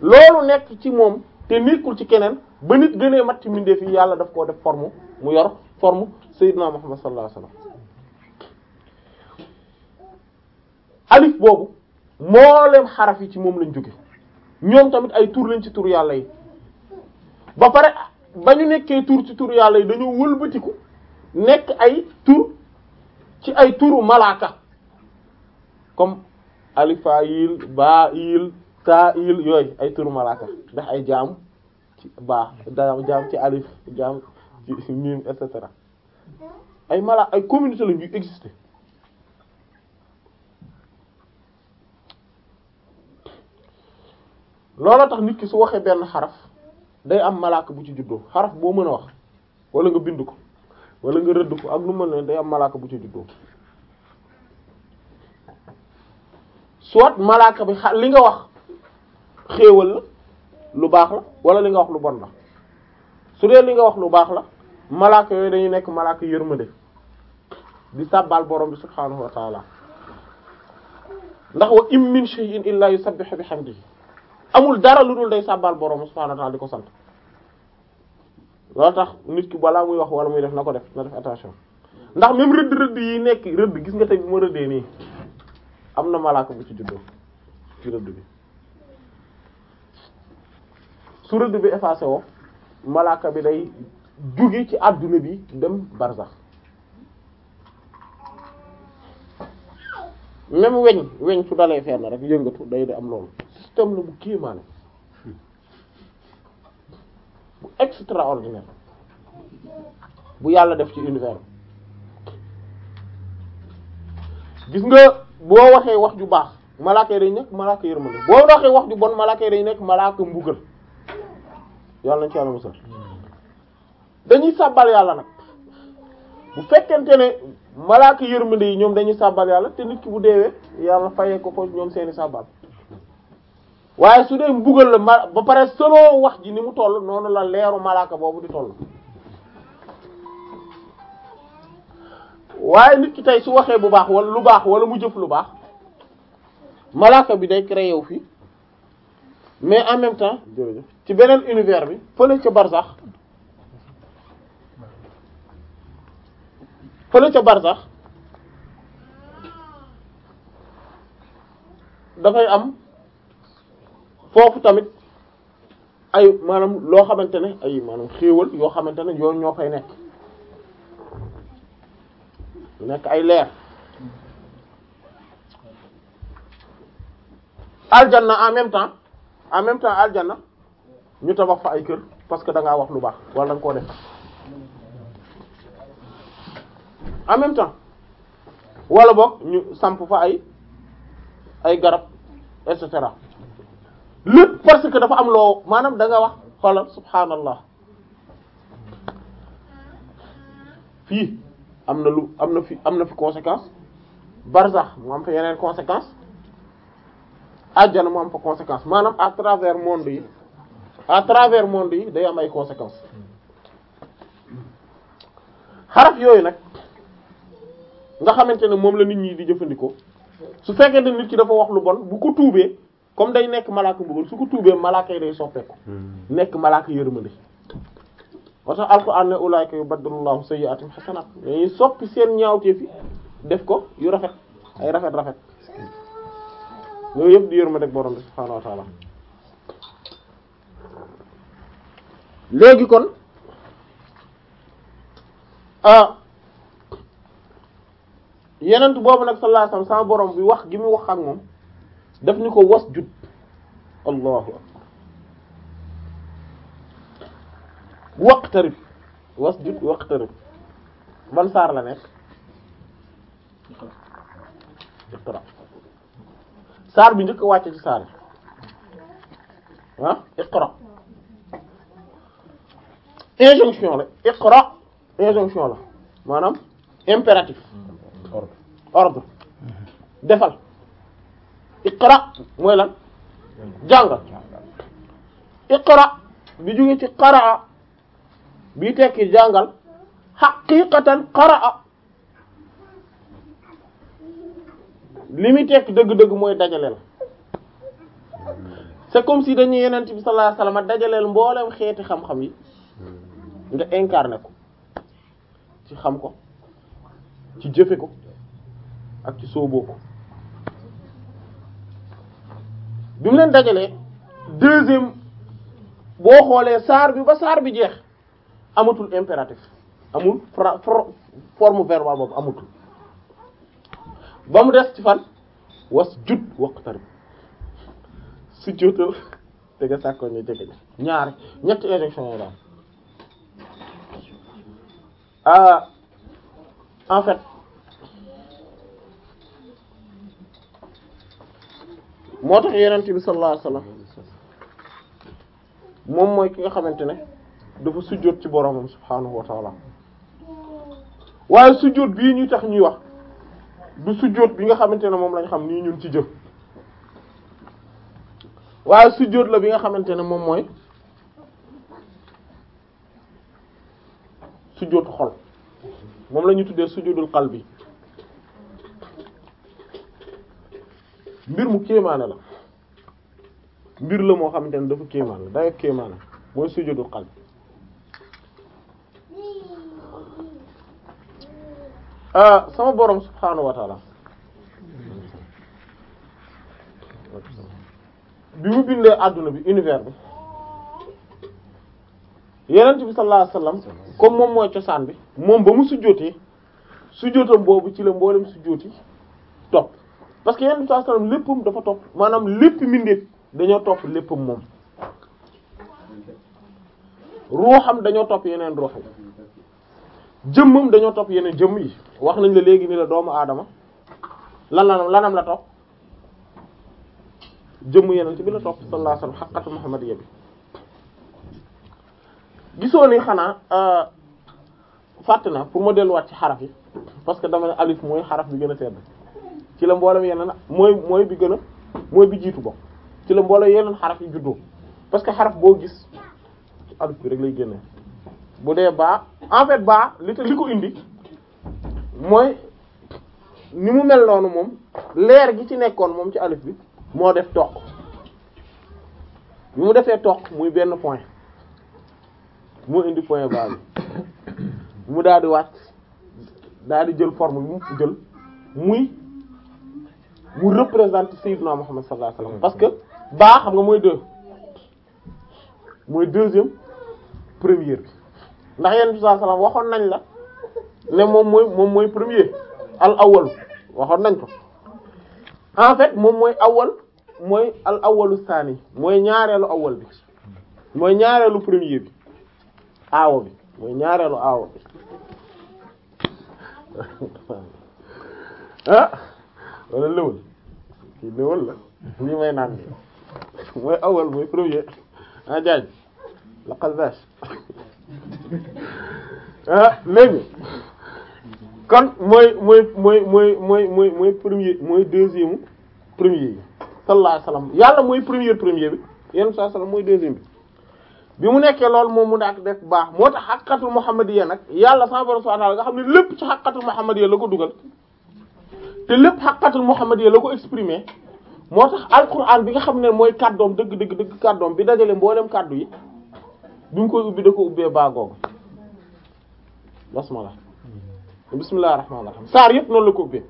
loolu nekk ci moom te nekkul ci keneen. ba nit gënee mat ci mbindeef yàlla daf koo def forme mu yor forme sayyidina Muhammad sallallahu alayhi wasallam alif boobu mboolem xaraf yi ci moom lañ jóge ñoom tamit ay tur lañ ci tur yàlla yi ba pare ba ñu nekkee tur ci tur yàlla yi dañoo wëlbatiku nekk ay tur ci ay turu malaaka comme alifa yil ba yil ta yil yooyu ay turu malaaka ndax ay jaamu baax baa jaam ci alif jaam ci miim et cetera ay mala ay communauté lañuy exister loola tax nit ki su waxee benn xaraf day am malaaka bu ci juddoo xaraf boo mën a wax wala nga bind ko wala nga rëdd ko ak lu mën ne day am malaaka bu ci juddoo soit malaaka bi xa li nga wax xéewal la lu baax la wala li nga wax lu bon la su dee li nga wax lu baax la malaaka yooyu dañuy nekk malaaka yërmande di sàbbaal borom bi subhaanahu wa taala ndax wa im min shay'in illa yusabbihu bihamdihi amul dara lu dul day sàbbaal borom subhaanahu wa taala di ko sant loolu tax nit ki balaa muy wax wala muy def na ko def na def attention ndax même rëdd rëdd yi nekk rëdd gis nga tey bu ma rëddee nii am na malaaka bu ci juddoo ci rëdd bi su rëdd bi effacé woo malaaka bi day jóge ci adduna bi dem barzax même weñ weñ su dalee fenn rek yëngatu day di am loolu système la bu kéemaane bu extraordinaire bu yàlla def ci univers gis nga boo waxee wax ju baax malaaka yi dañ nekk malaaka yërmande boo waxee wax ju bon malaaka yi dañ nekk malaaka mbugal yàlla nañ ci yàlla musal dañuy sàbbal yàlla nag bu fekkente ne malaaka yërmande yi ñoom dañuy sàbbal yàlla te nit ki bu deewee yàlla fayee ko ko ñoom seeni sàbbal waaye su dee mbugal la ma ba pare selon wax ji ni mu toll noonu la leeru malaaka boobu di toll waaye nit ki tey su waxee bu baax wala lu baax wala mu jëf lu baax malaaka bi day créé wu fi mais en même temps ci beneen univers bi fële ca barsax fële ca barsax dafay am foofu tamit ay maanaam loo xamante ne ay maanaam xéewal yoo xamante ne yoo ñoo fay nekk nekk ay leer aljanna en même temps en même temps aljana ñu ta wax fa ay kër parce que da wax lu baax walla da nga def en même temps wala boog ñu samp fa ay ay garab et cetera parce que dafa am loo maanaam da nga wax xoolal subhaanallah fii am na lu am na fi am na fi conséquence barzax mu am fa yeneen conséquence àjjana mu am fa conséquence maanaam à travers monde yi à travers monde yi day am ay conséquences xaraf yooyu nag nga xamante ne moom la nit ñi di jëfandikoo su fekkee fekkente nit ki dafa wax lu bon bu ko tuubee comme day nekk malaaka mbugal su ko tuubee malaaka yi day soppeeku hmm. nekk malaaka yërmande moo tax alquran ne ulaayka yubaddilullahu sayyi'atihim hasanaat dañuy soppi seen ñaaw fi def ko yu rafet ay rafet rafet loolu yëpp di yërmande borom bi subhaanahu wa léegi kon a yenent boobu nag sa alayhi wasallam boroom bi wax gi mu wax ak moom daf ni ko wasjud allahu akbar waqtarib wasjud waqtarib ban saar la nekk saar bi njëkk a wàcc ci saar ah, iqra injonction la iqra injonction la maanaam impératif ordre ordre defal iqra mooy lan jàngal iqra bi jóge ci qaraa bi tekki jàngal xaqiqatan qaraa li muy tekk dëgg-dëgg mooy dajaleel c'est comme si dañuy yenent bi sallallahu alayhi wasallam dajaleel mboolem xeeti xam-xam yi nga incarné ko ci xam ko ci jëfe ko ak ci sooboo ko bi mu leen dajalee deuxième boo xoolee saar bi ba saar bi jeex amatul impératif amul forme verbale boobu amatul ba mu des ci fan was jut waqtarib su jootal te nga sàkkoo ñu ñaari ñetti élection ah en fait moo bi sallallahu alayhi wasallam moom mooy ki nga xamante ne dafa sujjóot ci boromam subhaanahu wa taala waaye sujjóot bii ñuy tax ñuy wax du sujjóot bi nga xamante ne moom lañu xam nii ñun ci jëf waaye sujjóot la bi nga xamante ne moom mooy sujjóotu xol moom la ñu tuddee sujjóotul bi mbir mu kéemaane la mbir la moo xamante ne dafa kéemaan la day kéemaane mooy sujjóotul qalbi Ah, sama borom subhaanahu wa taala bi mu bindee àdduna bi univers bi yenent bi sallallahu alayhi wasallam comme moom mooy cosaan bi moom ba mu sujjóotee sujjóotam boobu ci la mboolem sujjóoti topp parce que yenent bi sallallahu alayhi léppam dafa topp maanaam lépp mbindeef dañoo topp léppam moom ruuxam dañoo topp yeneen ruux jëmmam dañoo topp yeneen jëmm yi wax nañ la léegi ni la doomu aadama lan la lanam la topp jëmm yeneen ci bi la topp sallallahu alayhi wasallam xaqatu muhammadiyya bi gisoo ni xanaa euh, fàtte na pour ma delluwaat ci xaraf yi parce que dama ne alif mooy xaraf bi gën a tedd ci la mboolem yeneen mooy mooy bi gën a mooy bi jiitu bokk ci la mboolem yeneen xaraf yi juddoo parce que xaraf boo gis alif bi rek lay génnee bu dee baa en fait baa li li ko indi mooy ni mu mel noonu moom leer gi ci nekkoon moom ci alif bi moo def toq bi mu defee toq muy benn point moo indi point baa bi mu daal di wàcc daal di jël forme bi mu jël muy mu représente Sayyidna Muhammad sallallahu alayhi wasallam parce que baax xam nga mooy deux mooy deuxième première bi ndax yonent bi sallallahu alayhi wasallam waxoon nañ la ne moom mooy moom mooy premier al awwal waxoon nañ ko en fait moom mooy awal mooy al awwalu saani mooy ñaareelu awwal bi mooy ñaareelu premier bi aawo bi mooy ñaareelu aawo bi ah wala lëwal kii lëwal la lii may naan mooy awwal mooy premier ah jaaj la xazash ah léegi kon mooy mooy mooy mooy mooy mooy mooy premier mooy deuxième premier yi sallallahu alayhi wasallam yàlla mooy premier premier bi yenn saa salaam mooy deuxième bi bi mu nekkee lool moom mu daat def baax moo tax xaqatul muhammadiyya nag yàlla sama borom subhanahu wa ta'ala nga xam ne lépp ci xaqatul muhammadiyya la ko dugal te lépp xaqatul muhammadiyya la ko exprimer moo tax alquran bi nga xam ne mooy kàddoom dëgg dëgg kàddoom bi dajale mboolem kàddu yi bi mu koy ubbi da ko ubbee baa googu basmala bismillahir rahmanir rahim saar yëpp noonu la ko ubbee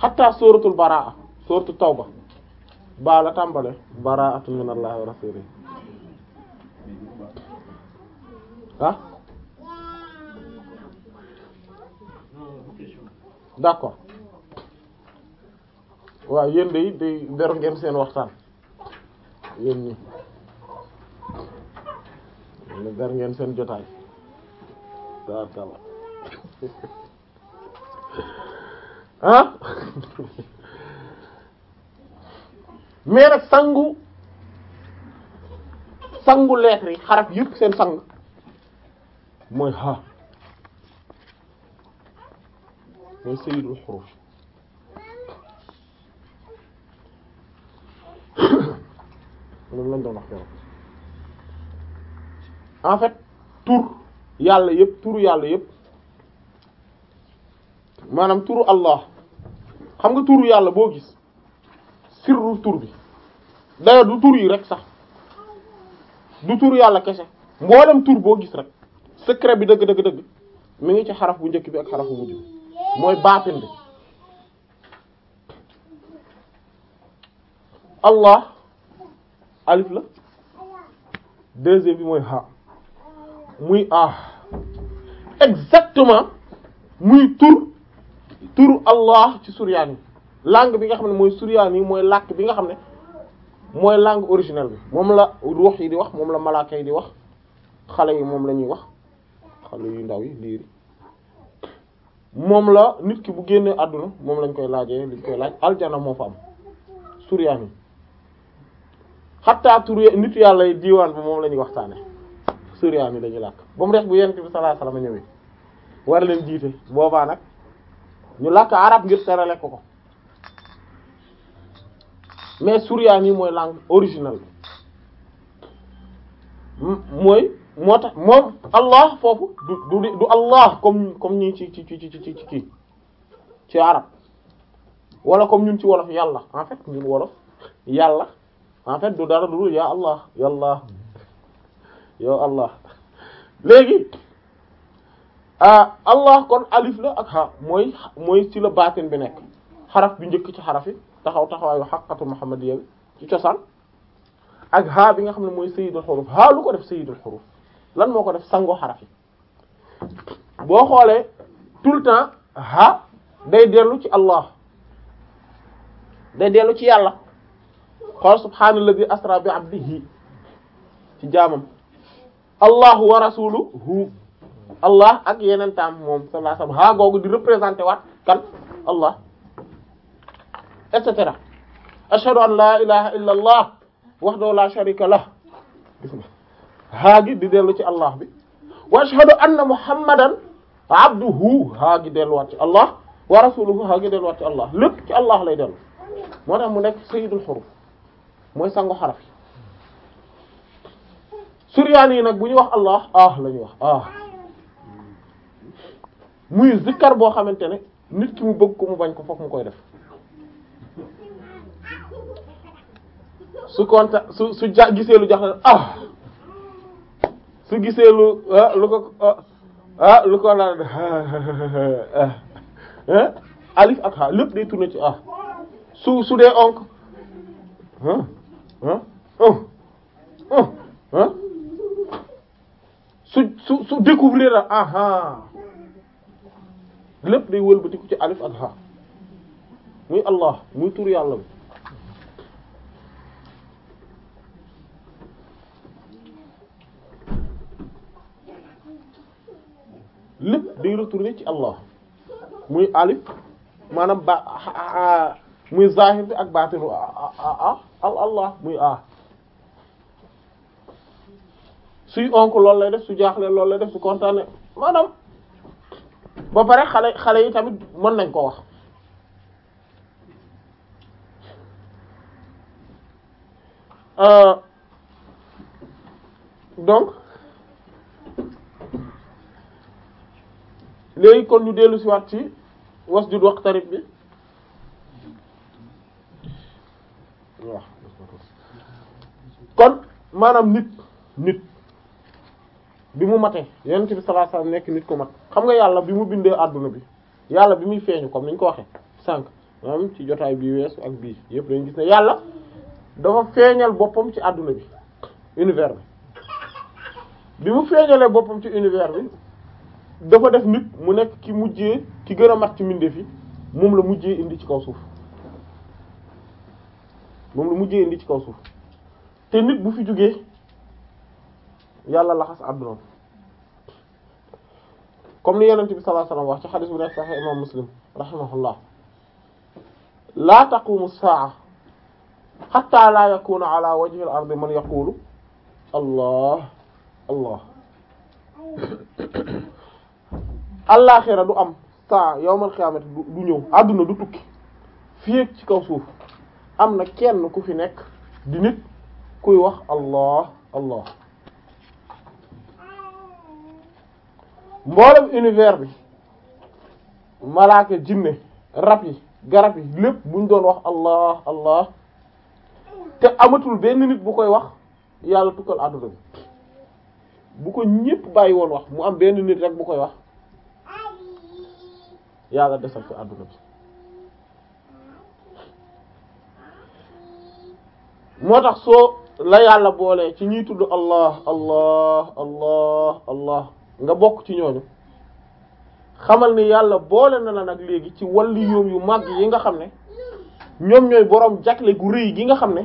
xataa sóoratul baraa sóoratu tawba baa la tàmbale baraatun minallahi wa rasulihi ah d'accord waaw yéen day day beru ngeen seen waxtaan yéen ñi ne gar ngeen seen jotaay daar dala ah mais nag sangu sangu lettre yi xaraf seen sang mooy ha mooy sayyidul huruf moom lañ doon wax en fait tur yàlla yëpp turu yàlla yëpp maanaam turu allah xam nga tur yàlla boo gis sirru tur bi daya du tur yi rek sax du tur yàlla kese mboolem tur boo gis rek secret bi dëgg dëgg dëgg mi ngi ci xaraf bu njëkk bi ak xaraf bu mujj mooy baatin bi allah alif la deuxième bi mooy ha muy ah exactement muy tur tur Allah ci suryaan yi langue bi nga xam ne mooy suryaan yi mooy làkk bi nga xam ne mooy langue originelle bi moom la ruux yi di wax moom la malaaka yi di wax xale yi moom la ñuy wax xale yu ndaw yi liir yi moom la nit ki bu génnee àdduna moom lañ koy laajee liñ koy laaj aljana moo fa am suryaan yi xattaa tur nitu yàlla yi diiwaan bi moom la ñuy waxtaane suriyaan yi dañuy làkk ba mu def bu yonent bi sallallahu alayhi wasallam ñëwee war leen jiite boobaa nag ñu lakk arab ngir terale ko ko mais suriyaan yi mooy langue originale mooy moo tax moom allah foofu du du du allah comme comme ñi ci ci ci ci ci kii ci arab wala comme ñun ci wolof yàlla en fait ñun wolof yàlla en fait du dara du dul yaa allah yàlla yow allah léegi allah kon alif la ak xa mooy mooy ci la baatin bi nekk xaraf bi njëkk ci xaraf taxaw taxawaayu xaqatu muhammadiyya bi ci cosaan ak ha bi nga xam ne mooy sayyidul xuruf ha lu ko def sayyidul xuruf lan moo ko def sangoo xaraf boo xoolee tout le temps ha day dellu ci allah day dellu ci yàlla xool subhaanallazi asra bi abdihi ci jaamam allahu wa rasuluhu allah ak yeneen taam moom sallallahu alayhi wasallam haa googu di représenté waat kan allah et cetera ashhadu an la ilaha illa allah wahdahu la sharika lah haa gi di dellu ci allah bi wa ashhadu anna muhammadan abduhu haa gi delluwaat ci allah wa rasuluhu haa gi delluwaat ci allah lépp ci allah lay dellu moo mu nekk sayyidul huruf mooy sangu xaraf yi suryaan yi nag bu ñu wax allah ah la ñuy wax ah muy zikkar boo xamante ne nit ki mu bëgg ko mu bañ ko fokk mu koy def su konta su su ja gisee lu jax la ah. su gisee lu ah, lu ko ah, ah lu ko eh? alif ak ha lépp day tourner ci ah su su dee onk ah ah oh, oh, ah su su su découvrir a aha ah. lépp day wëlbatiku ci alif ak muy allah muy tur yàlla bi lépp day ci allah muy alif maanaam ba muy zahir bi ak batinu allah muy a suy onk loolu la def su jaaxle loolu la def su kontaane maanaam ba pare xale xale yi tamit mën nañ ko wax euh, donc léegi kon ñu dellu si waat ci wasjud waqtarib bi kon maanaam nit nit bi mu matee yonent bi sallallahu alayhi nekk nit ko mat xam nga yàlla bi mu bindee àdduna bi yàlla bi muy feeñu comme ni ñu ko waxee sànq maanaam ci jotaay bii weesu ak bii yëpp lañ gis ne yàlla dafa feeñal boppam ci àdduna bi univers bi bi mu feeñalee boppam ci univers bi dafa def nit mu nekk ki mujjee ki gën a mat ci mbindeef yi moom la mujjee indi ci kaw suuf moom la mujjee indi ci kaw suuf te nit bu fi jógee yàlla laxas àdduna comme ni yonent bi sallallahu alayhi wasallam wax ci xadis bu nekk sahih imam muslim rahimahullah laa taqumu saa xatta laa yakuna ala wajhi al ardi man yaqulu allah allah allaaxira du am saa yawmal qiyaamati du ñëw àdduna du tukki fii ci kaw suuf am na kenn ku fi nekk di nit kuy wax allah allah mboolem univers bi malaaka jinne rab yi garab lépp buñ doon wax allah allah te amatul benn nit bu koy wax yàlla tukkal àdduna bi bu ko ñépp bàyyi woon wax mu am benn nit rek bu koy wax yàlla desal ci àdduna bi moo tax soo la yàlla boole ci ñuy tudd allah allah allah allah nga bokk ci ñooñu xamal ni yàlla boole na la nag léegi ci wàllu yoom yu màgg yi nga xam ne ñoom ñooy boroom jagle gu réy gi nga xam ne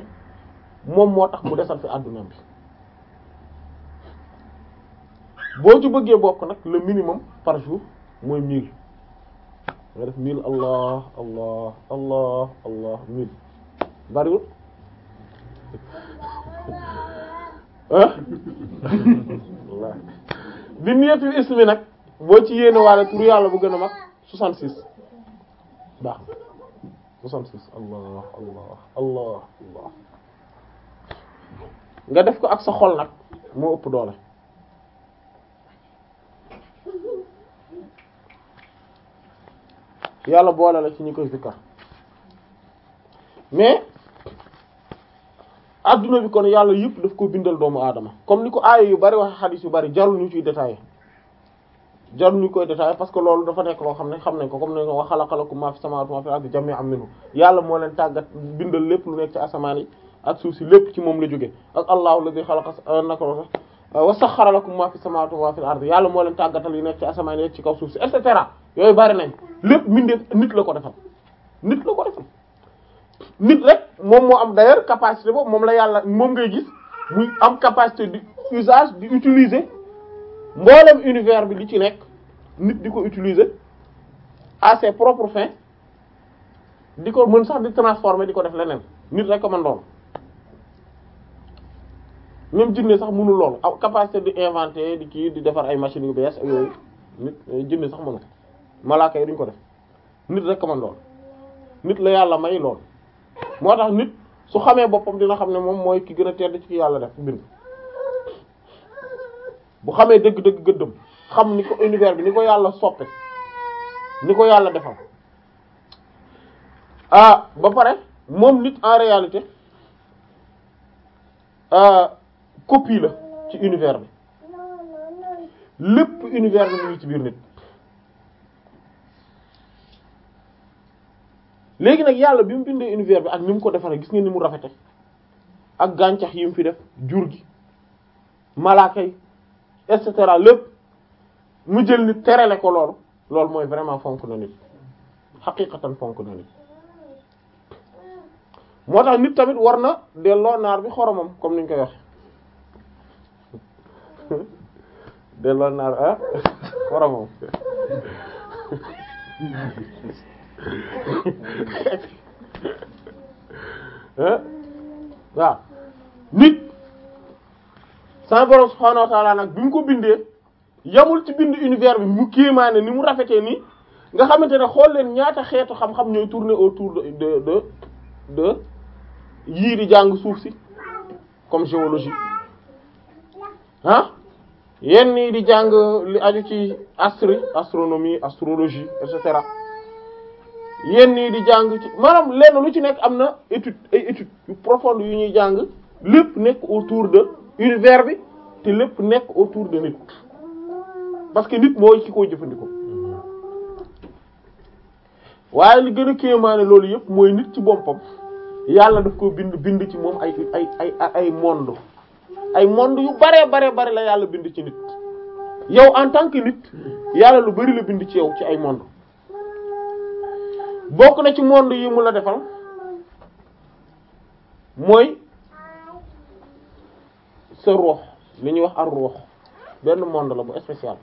moom moo tax mu desal fi àdduna bi boo ci bëggee bokk nag la minimum par jour mooy mille nga def mille allah allah allah allah mille bariwul bi niyatul ismi nag boo ci yéene waale tur yàlla bu gën a mag 66 baax 66 allah allah allah nga def ko ak sa xol nag moo ëpp doole yàlla boole la ci ñi koy zikkar mais adduna bi kon yàlla yëpp daf ko bindal doomu aadama comme ni ko aaya yu bari wax xadis yu bari jarul ñu ciy détaillé jarul ñu koy détaillé parce que loolu dafa nekk loo xam ne xam nañ ko comme ne wa khalaqa lakum ma fi samawati wa ma moo leen tàggat bindal lépp lu nekk ak suuf si lépp ci moom la jóge ak allahu alladhi khalaqa nako wa sakhkhara lakum ma wa ma fil ardi yàlla moo leen tàggatal yi nekk ci asamaan yi ci kaw suuf si et cetera yooyu bari nañ lépp mbindeef nit la ko defal nit la ko defal nit rek moom moo am d'ailleurs capacité boobu moom la yàlla moom ngay gis muy am capacité di usage di utiliser mboolem univers bi li ci nekk nit di ko utiliser à ses propres di ko mën sax di transformer di ko def leneen nit rek ko mën doon même jinne sax mënul loolu aw capacité di inventer di kii di defar ay machines yu bees ak yooyu nit euh, jinne sax mënu ko malaaka yi duñ ko def nit rek ko mën nit la yàlla may loolu moo tax nit su xamee boppam dina xam ne moom mooy ki gën a tedd ci ki yàlla def bind bu xamee dëgg-dëgg gëddëm xam ni ko univers bi ni ko yàlla soppe ni ko yàlla defal ah ba pare moom nit en réalité ah copie la ci univers bi lépp univers bi mu ngi ci biir nit léegi nag yàlla bi mu bindee univers bi ak ni mu ko defaree gis ngeen ni mu rafete ak gàncax yi mu fi def jur gi malaaka yi et cetera lépp mu jël ni terele ko loolu loolu mooy vraiment fonk na nit xaqiqatan fonk na nit moo tax nit tamit war na delloo naar bi xoromam comme niñ koy wax delloo naar ah xoromam waaw nit sama borom subhaanahu nag bi mu ko bindee yamul ci bind univers bi mu kéemaane ni mu rafetee ni nga xamante ne xool leen ñaata xeetu xam-xam ñooy tourner autour de de de de di jàng suuf si comme géologie ah yenn di jàng li aju ci astri astronomie astrologie et cetera yenn yi di jàng ci maanaam lenn lu ci nekk am na étude ay étude yu profonde yu ñuy jàng lépp nekk autour de univers bi te lépp nekk autour de nit parce que nit mooy ci koy jëfandikoo waaye li gën a kéemaane loolu yëpp mooy nit ci boppam yàlla daf ko bind bind ci moom ay ay ay ay monde ay monde yu bare bare bare la yàlla bind ci nit yow en tant que nit yàlla lu bari la bind ci yow ci ay monde bokk na ci monde yi mu la defal mooy sa ruux li ñuy wax ar ruux benn monde la bu spécial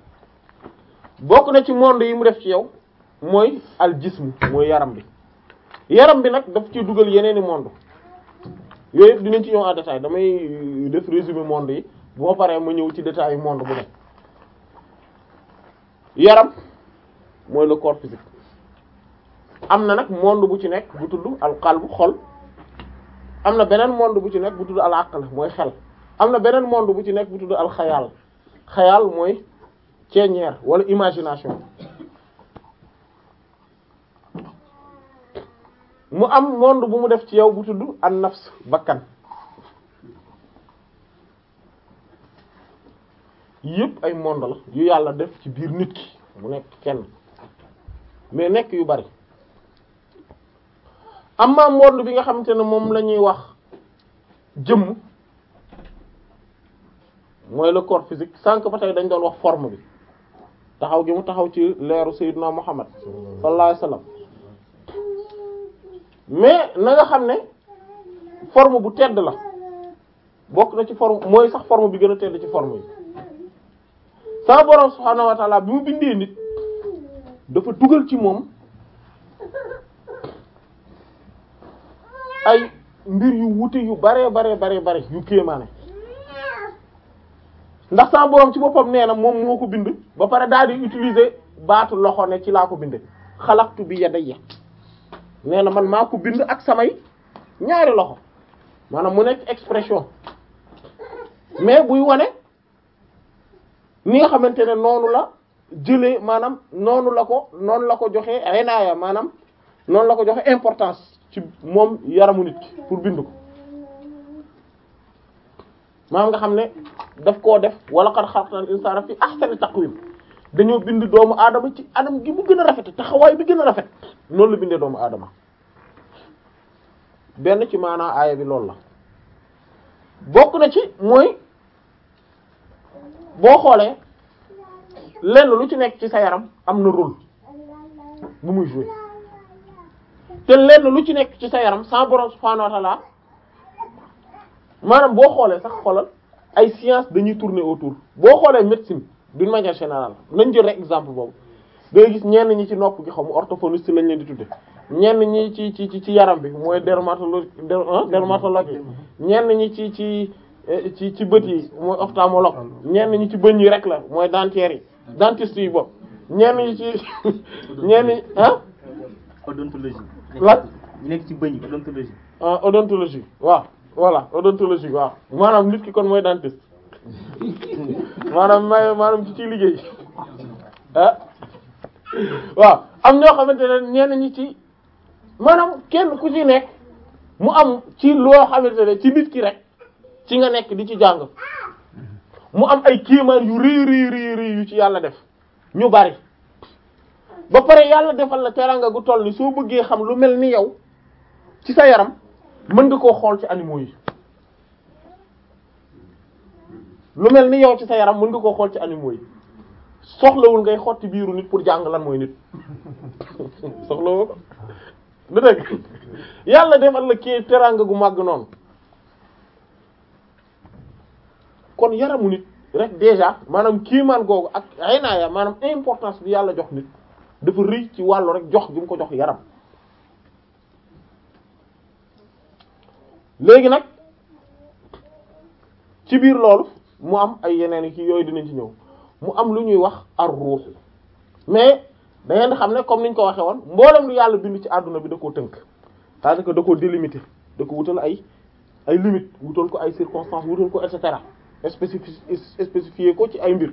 bokk na ci monde yi mu def ci yow mooy al jism mooy yaram bi yaram bi nag daf ci dugal yeneen monde yooyu yëpp dinañ ci ñëw en détail damay def résumé monde yi bu ma paree ma ñëw ci détail yi monde bu nekk yaram mooy le corps am na nag monde bu ci nekk bu tudd al qalbu xol am na beneen monde bu ci nekk bu tudd al mooy xel am na beneen monde bu ci nekk bu tudd al xayaal xayaal mooy ceeñeer wala imagination mu am monde bu mu def ci yow bu tudd an nafs bakkan yëpp ay monde la yu yàlla def ci biir nit ki mu nekk kenn mais nekk yu bari am amma monde bi nga xamante ne moom la ñuy wax jëmm mooy le corps physique sànq ba tey dañ doon wax forme bi taxaw gi mu taxaw ci leeru Seydina Muhammad sallallahu alayhi mais nanga xam ne forme bu tedd la bokk na ci forme mooy sax forme bi gën a tedd ci forme yi sa borom subhaanahu bi mu bindee nit dafa dugal ci moom ay mbir yu wute yu bare bare bare bare yu kéemaane ndax sa borom ci boppam nee na moom ko bind ba pare daal di utiliser baatu loxo ne ci laa ko bind xalaqtu bi yadayya na man maa ko bind ak samay ñaari loxo maanaam mu nekk expression mais buy wane ni nga xamante ne noonu la jële maanaam noonu la ko noonu la ko joxe renaaya maanaam noonu la ko joxe importance ci moom yaramu nit ki pour bind ko maanaam nga xam ne daf koo def wala qad xalaqnal insaana fi ahsani taqwiim dañoo bind doomu aadama ci anam gi mu gën a rafet taxawaay bi gën a rafet noonu la bindee doomu aadama benn ci maanaa aaya bi loolu la bokk na ci mooy boo xoolee lenn lu ci nekk ci sa yaram am na rôle bu muy jouer te lenn lu ci nekk ci sa yaram sans borom subhaanahu wa ta'ala maanaam boo xoolee sax xoolal ay science dañuy tourner autour boo xoolee médecine d'une manière générale nañ jël rek exemple boobu day gis ñenn ñi ci nopp gi xamu orthophoniste lañ leen di tudde ñenn ñi ci ci ci yaram bi mooy dermatologue dermatologue yi ñeen ñi ci ci eh, ci ci bët yi mooy ophtalmologue ñenn ñi ci bëñ yi rek la mooy dentaire yi dentiste yi bopp ñenn ñi ci ñenn ñi ah la ñu nekk ci bëñ odontologie. ah odontologie waaw voilà odontologie waaw maanaam nit ki kon mooy dentiste maanaam may maanaam ci ciy liggéey ah waaw am ñoo xamante ne ñenn ñi ci maanaam kenn ku ci nekk mu am ci loo xamante ne ci nit ki rek ci nga nekk di ci jàng mm-hmm. mu am ay kéemaan yu rëy rëy yu ci yàlla def ñu bari. ba pare yàlla defal la teranga gu toll ni soo bëggee xam lu mel ni yow ci sa yaram mën nga koo xool ci animaux yi lu mel ni yow ci sa yaram mën nga koo xool ci animaux yi soxlawul ngay xotti biiru nit pour jàng lan mooy nit soxlawoo ko du dëgg yàlla defal la kii teranga gu màgg noonu kon yaramu nit rek déjà maanaam kiimaan googu ak ay naaya maanaam importance bi yàlla jox nit dafa rëy ci wàllu rek jox gi ko jox yaram léegi nag ci biir loolu mu am ay yeneen ki yooyu dinañ ci ñëw mu am lu ñuy wax ar ruux mais da ngeen xam ne comme niñ ko waxee woon mboolem lu yàlla bind ci àdduna bi da tënk parce que da koo délimité wutal ay ay limites wutal ko ay circonstances wutal ko et cetera spécifié spécifié ko ci ay mbir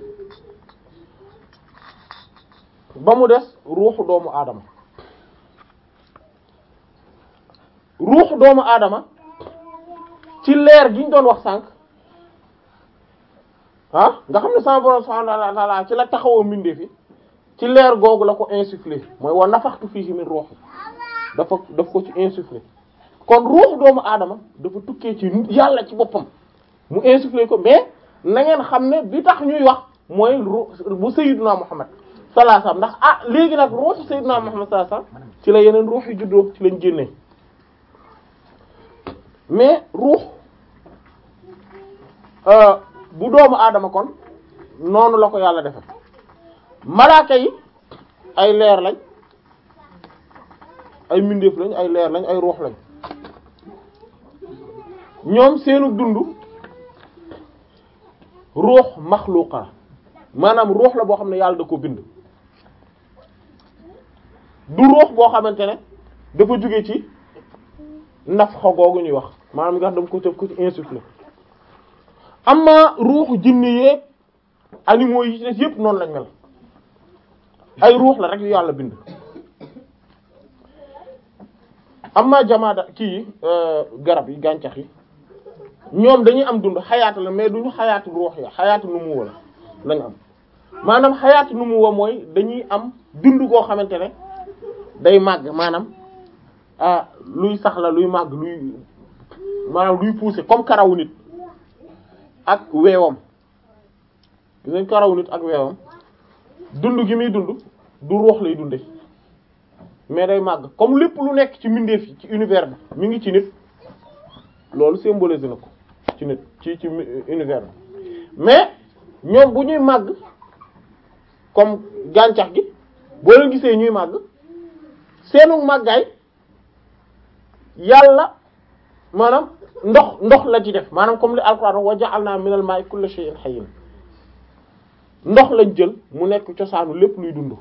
ba mu des ruuxu doomu aadama ruuxu doomu aadama ci leer gi ñu doon wax sànq ah nga xam ne sama borom subhanahu wa ta'ala ci la taxawoo mbindee fi ci leer googu la ko insufflé mooy wa nafaxtu fiihi min ruuhi dafa daf ko ci insufflé kon ruuxu doomu adama dafa tukkee ci yàlla ci boppam mu insufflé ko mais na ngeen xam ne bi tax ñuy wax mooy bu sayyiduna Muhammad salaasam ndax a ah, léegi nag ruuxu Seydina Muhammad salaasam ci la yeneen ruux yu juddoo ci lañ génnee mais ruux euh, bu doomu aadama kon noonu la ko yàlla defe malaaka yi ay leer lañ ay mbindeef lañ ay leer lañ ay ruux lañ ñoom seenu dund ruux maxluuqa maanaam ruux la boo xam ne yàlla da ko bind du ruux boo xamante ne dafa jóge ci nafxa googu ñuy wax maanaam nga dama ko tëb ko ci insufflé amma ruuxu jinne yeeg animaux yi ci des yëpp noonu lañ mel ay ruux la rek yu yàlla bind am amma jamaada kii euh, garab yi gàncax yi ñoom dañuy am dund xayaat la mais duñu xayaatu ruux ya xayaatu nu mu la lañ am maanaam xayaatu nu mu mooy dañuy am dund goo xamante ne day màgg maanaam ah luy sax la luy màgg luy maanaam luy pousser comme karawu nit ak weewam nañ karawu nit ak weewam dund gi muy dund du ruux lay dunde mais day màgg comme lépp lu nekk ci mbindeef yi ci univers bi mu ngi ci nit loolu symboliser na ko ci nit ci ci univers bi mais ñoom bu ñuy màgg comme gàncax gi boo leen gisee ñuy màgg seenu màggaay yàlla maanaam ndox ndox la ci def maanaam comme li alquran wa ja'alna minal ma'i kulli shay'in hayyin ndox lañ jël mu nekk cosaanu lépp luy dund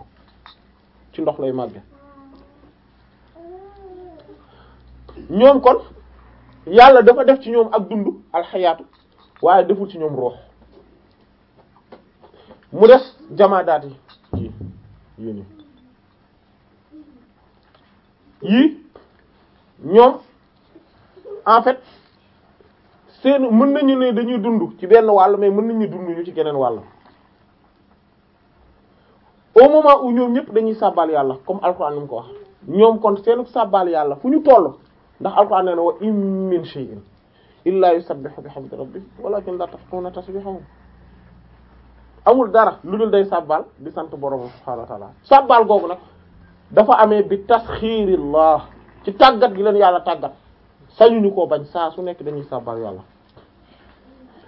ci ndox lay màgge ñoom kon yàlla dafa def ci ñoom ak dund alxayaatu waaye deful ci ñoom roox mu des jamaadaat yi yii ñoom en fait seenu mën nañu ne dañuy dund ci benn wàll mais mën nañu dund ñu ci geneen wàll au moment où ñoom ñëpp dañuy sàbbaal yàlla comme alxuraan mu ko wax ñoom kon seenu sàbbaal yàlla fu ñu toll ndax alxuraan nee na wa in min shay'in illaa yusabbihu bihamdi rabbih walakin la tafqahuna tasbihahum amul dara lu dul day sàbbaal di sant borom subhaanahu wa ta'ala sàbbaal googu nag dafa amee bi tasxiirillah ci tàggat gi leen yàlla tàggat sañuñu ko bañ saa su nekk dañuy sabbal yàlla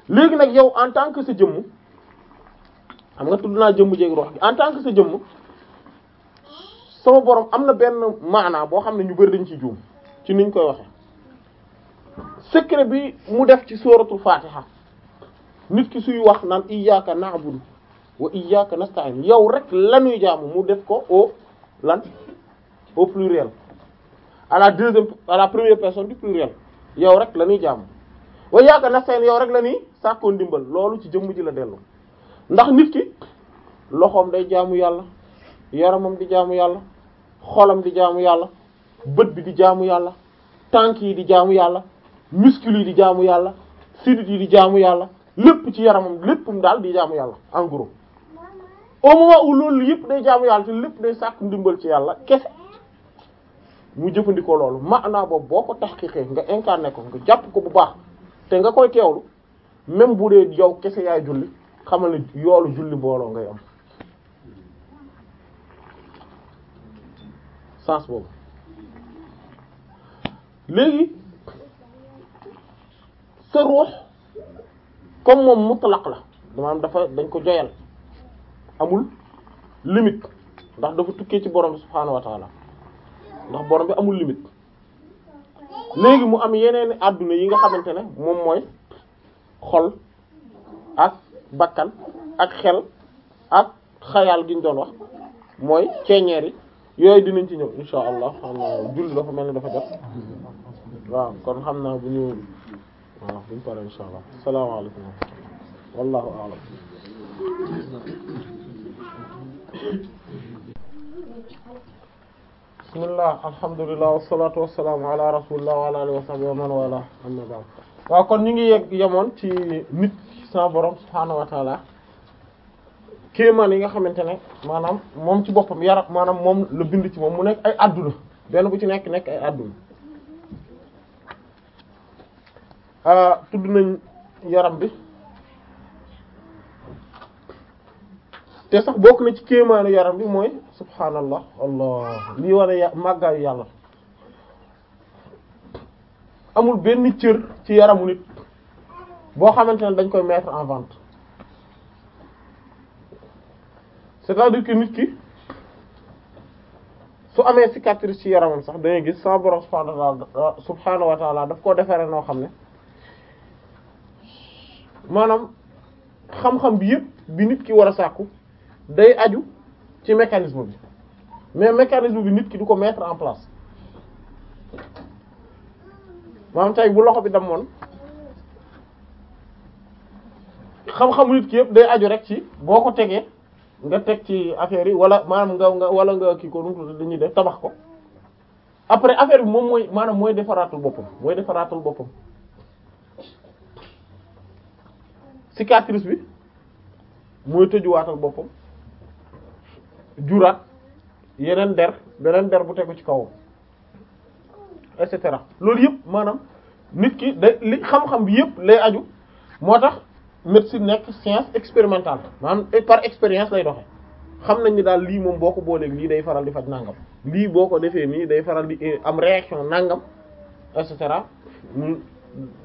léegi nag yow en tant que sa jëmm xam nga tudd naa jëmm jéeg rox gi en tant que sa jëmm sama borom am na benn maanaa boo xam ne ñu bari dañ ci juum ci niñ koy waxee secret bi mu def ci sooratu fatiha nit ki suy wax naan iyyaka na'budu wa iyyaka nasta'in yow rek lanuy jaamu mu def ko au lan au pluriel à la deuxième à la première personne du pluriel yow rek la ñuy jaamu wa yaaka na seen yow rek la ñuy ndimbal loolu ci jëmm ji la dellu ndax nit ki loxoom day jaamu yàlla yaramam di jaamu yàlla xolam di jaamu yàlla bët bi di jaamu yàlla tànk yi di jaamu yàlla muscles yi di jaamu yàlla sidit yi di jaamu yàlla lépp ci yaramam léppum daal di jaamu yàlla en au moment loolu yëpp day jaamu yàlla te lépp day sàkk ndimbal ci yàlla kese mu jëfandikoo loolu maanaa boobu boo ko taxqiqee nga incarné ko nga jàpp ko bu baax te nga koy teewlu même bu dee yow kese yaay julli xamal ne yoolu julli mbooloo ngay am sens boobu léegi sa ruux comme moom mutlaq la maanaam dafa dañ ko joyal amul limit ndax dafa tukkee ci borom bi subhaanahu wa ndax borom bi amul limite léegi mu am yeneen adduna yi nga xamante ne moom mooy xol ak bakkan ak xel ak xayaal gi ñu doon wax mooy ceeñeer yi yooyu dinañ ci ñëw insha allah julli dafa mel ni dafa jot waaw kon xam naa bu ñu waaw bu ñu insha allah salaamaaleykum wallahu a'lam bismillah alhamdulillah wassalatu wassalamu ala rasulillah kon ñu ngi yegg yemoon ci nit sa borom subhaanahu wa taala kéemaan yi nga xamante ne maanaam moom ci boppam yaram maanaam moom la bind ci moom mu nekk ay adduna benn bu ci nekk nekk ay adduna ah, tudd nañ yaram bi te sax bokk na ci kéemaanu yaram bi mooy subhaanallah allah lii war a màggaayu yàlla amul benn cër ci yaramu nit boo xamante ne dañ koy mettre en vente c'est-à-dire nit ki su amee si cicatrice ci yaramam sax dangay gis sa borom subhaanahu wa ta'ala daf koo defaree noo xam ne maanaam xam-xam bi yëpp bi nit ki war a sàkku day aju ci mécanisme bi mais mécanisme bi nit ki du ko mettre en place maanaam tey bu loxo bi damoon xam-xamu nit ki yëpp day aju rek ci boo ko tegee nga teg ci affaire yi wala maanaam nga nga wala nga kii ko nu dañuy def tabax ko après affaire bi moom mooy maanaam mooy defaraatul boppam mooy defaraatul boppam cicatrice bi mooy tëjuwaatal boppam juraat yeneen der beneen der bu tegu ci kaw et cetera loolu yëpp maanaam nit ki day li xam-xam bi yëpp lay aju moo tax médecine nekk science expérimentale maanaam par expérience lay doxe xam nañ ni daal lii moom boo ko booleeg lii day faral di faj nangam lii boo ko defee nii day faral di eh, am réaction nangam et cetera mu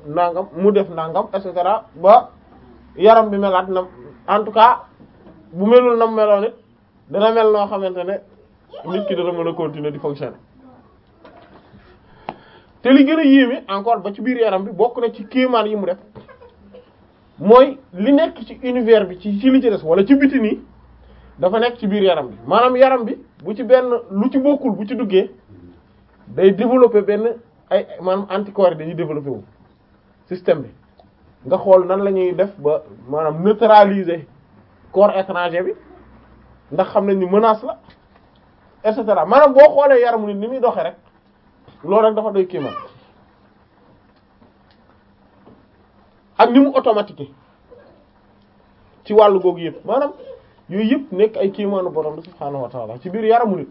nangam mu def nangam et ba yaram bi melaat na en tout cas bu melul nam meloon dana mel loo xamante ne nit ki dana mën a continuer di fonctionner te li gën a yéeme encore ba ci biir yaram bi bokk na ci kéemaan yi mu def mooy li nekk ci univers bi ci ci li ci des wala ci biti dafa nekk ci biir yaram bi maanaam yaram bi bu ci benn lu ci bokkul bu ci duggee day développer benn ay maanaam anticorps dañuy développer wu système bi nga xool nan lañuy def ba maanaam neutraliser corps étranger bi ndax xam nañ ni mënaas la et cetera maanaam boo xoolee yaramu nit ni muy doxe rek loolu rek dafa doy kéemaan ak ni mu automatique ci wàll googu yëpp maanaam yooyu yëpp nekk ay kéemaanu borom bi subhaanahu ci biir yaramu nit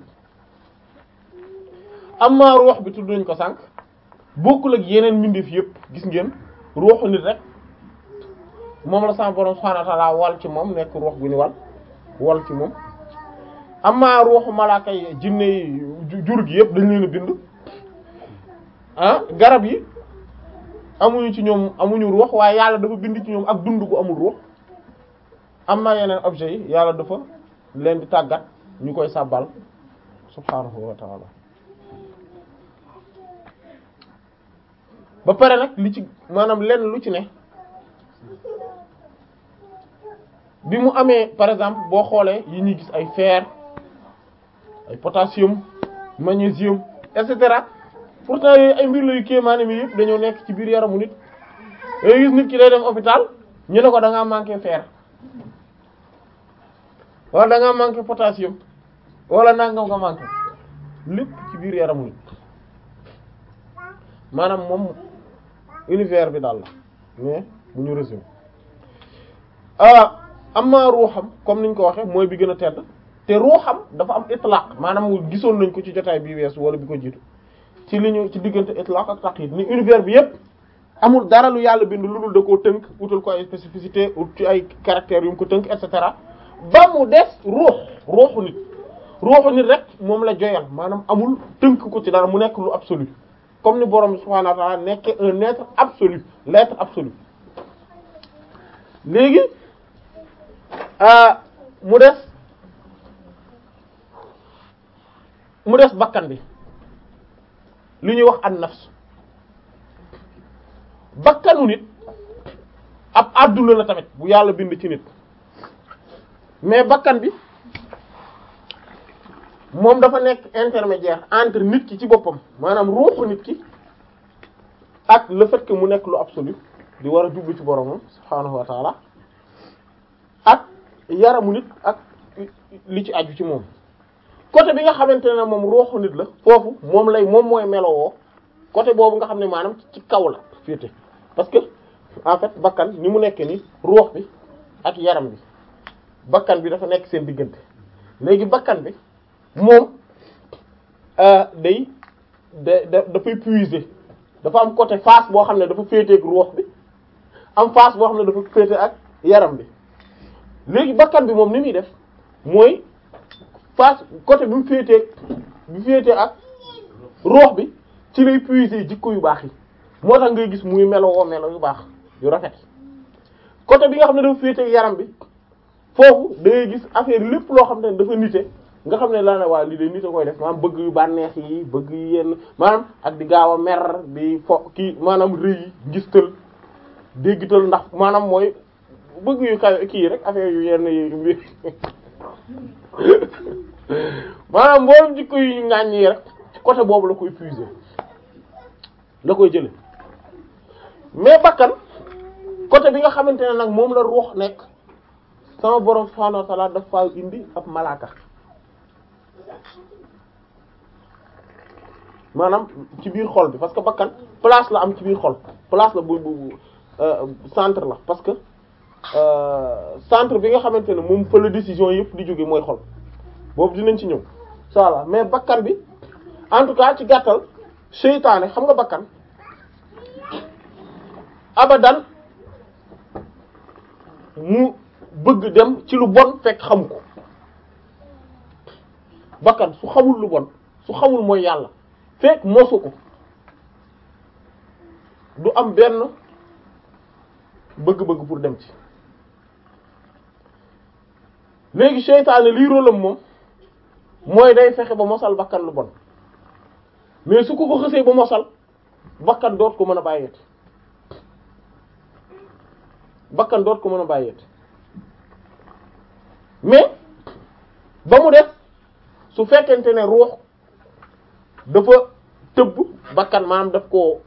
amma ruux bi tudd nañ ko sànq bokkul ak yeneen mbindeef yëpp gis ngeen ruuxu nit rek moom la sama borom wal ci moom nekk ruux gu ñu wal wal ci moom am amaa ruuxu malaaka yi jinne yi jur gi yëpp dañuy leen a bind ah garab yi amuñu ci ñoom amuñu ruux waaye yàlla dafa bind ci ñoom ak dund gu amul ruux amaa yeneen objets yi yàlla dafa leen di tàggat ñu koy sàbbal subhaanahu wa ta'ala ba pare nag li ci maanaam lenn lu ci ne bi mu amee par exemple boo xoolee yi ñuy gis ay fer ay potassium magnésium et cetera pourtant yooyu ay mbir la yu kéemaane mi yëpp dañoo nekk ci biir yaramu nit yooyu gis nit ki day dem hôpital ñu ne ko danga ngaa manqué fer wala da ngaa manqué potassium wala nangam nga lépp ci biir yaramu nit maanaam moom univers bi daal la mais bu ñu résumé ah amma ruuxam comme niñ ko waxee mooy bi gën a tedd te ruuxam dafa am itlaq maanaam gisoon nañ ko ci jotaay bi weesu wala bi ko jiitu ci li ci diggante itlaq ak taqyid ni univers bi yépp amul dara lu yàlla bind lu dul da koo tënk utal ko ay spécificité ut ci ay caractères yu mu ko tënk et cetera ba mu des ruux ruuxu nit ruuxu nit rek moom la joyal maanaam amul tënk ko ci dara mu nekk lu absolu comme ni borom subhaanahu wa ta'ala nekk un être absolu l'être absolu léegi euh, mu des mu des bakkan bi lu ñuy wax an nafs bakkanu nit ab àdduna la tamit bu yàlla bind ci nit mais bakkan bi moom dafa nekk intermédiaire entre nit ki ci boppam maanaam ruuxu nit ki ak la fait mu nekk lu absolu di war a jublu ci boromam subhaanahu wa ak yaramu nit ak li ci aju ci moom côté bi nga xamante ne moom ruuxu nit la foofu moom lay moom mooy melowoo côté boobu nga xam ne maanaam ci kaw la féete parce que en fait bakkan ni mu nekk ni ruux bi ak yaram bi bakkan bi dafa nekk seen diggante léegi bakkan bi moom euh, day da da dafay puiser dafa am côté face boo xam ne dafa féete ak ruux bi am face boo xam ne dafa féete ak yaram bi léegi bakkan bi moom ni muy def mooy passe côté bi mu féetee bi ak roox bi ci lay puiser jikko yu baax yi moo tax ngay gis muy melowoo melo yu baax yu rafet côté bi nga xam ne dafa féetee yaram bi foofu da gis affaire lépp loo xam ne dafa nite nga xam ne laa ne waa lii de nite koy def maanaam bëgg yu bànneex yi bëgg yu yenn maanaam ak di gaaw a mer bi fo kii maanaam rëy yi gistal déggital ndax maanaam mooy bëgg yu kaw kii rek affaire yu yenn yi maanaam mboolem jikko yu ñu rek ci côté boobu la koy puiser la koy jële mais bakkan côté bi nga xamante ne nag moom la ruux nekk sama borom subhaanahu wa ta'ala dafa indi ab malaaka maanaam ci biir xol bi parce que bakkan place la am ci biir xol place la bu bu euh, centre la parce que Euh, centre bi nga xamante ne moom fa la décision yëpp di jóge mooy xol boobu dinañ ci ñëw incha allah mais bakkan bi en tout cas ci gàttal seytaane xam nga bakkan abadan mu bëgg dem ci lu bon fekk xamu ko bakkan su xamul lu bon su xamul mooy yàlla fekk mosu ko du am benn bëgg-bëgg pour dem ci léegi seytaane liy rôlam moom mooy day fexe ba mosal bakkan lu bon mais su ko ko xësee ba mosal bakkan doot ko mën a bàyyeeti bakkan doot ko mën a bàyyeet mais ba mu def su fekkente ne ruux dafa tëb bakkan maanaam daf koo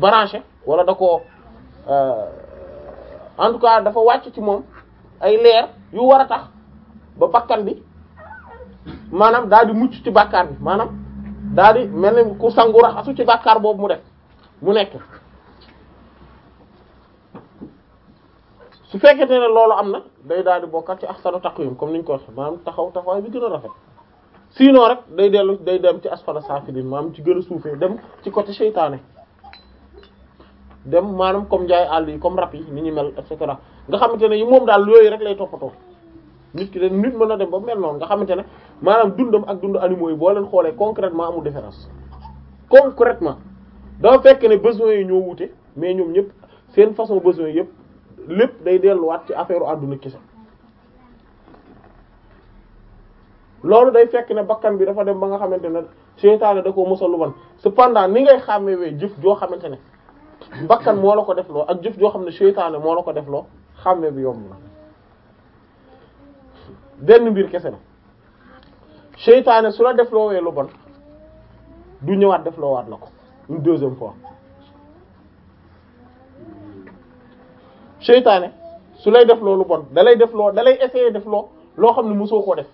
branché wala da koo euh, en tout cas dafa wàcc ci moom ay leer yu war a tax ba bakkan bi maanaam daal di mucc ci bàkkaar bi maanaam daal di mel ni ku sangu raxasu ci bakkaar boobu mu def mu nekk su fekkente ne loolu am na day daal di bokkat ci ahsanu taqwim comme niñ ko waxee maanaam taxaw taxawaay bi gën a rafet sinon rek day dellu day dem ci asfala safilin maanaam ci gën a suufee dem ci côté seytaane dem maanaam comme njaay àll yi comme rab yi ni ñu mel et cetera nga xamante ne yi moom daal yooyu rek lay toppatoo nit ki de nit mën na dem ba mel noonu nga xamante ne maanaam dundam ak dundu animaux yi boo leen xoolee concrètement amul différence concrètement dafa fekk ne besoins yi ñoo wute mais ñoom ñëpp seen façon besoins yëpp lépp day delluwaat ci affaire àdduna kese loolu day fekk ne bakkan bi dafa dem ba nga xamante ne seytaane da koo mos a luban ni ngay xàmmee jëf joo xamante ne bakkan moo la ko def loo ak jëf joo xam ne seytaane moo la ko def loo xàmme bi yomb na benn mbir kese la seytaane su la def loo wee lu bon du ñëwaat def loo waat la ko une deuxième fois seytaane su lay def loo lu bon da lay def loo xam ne musoo koo def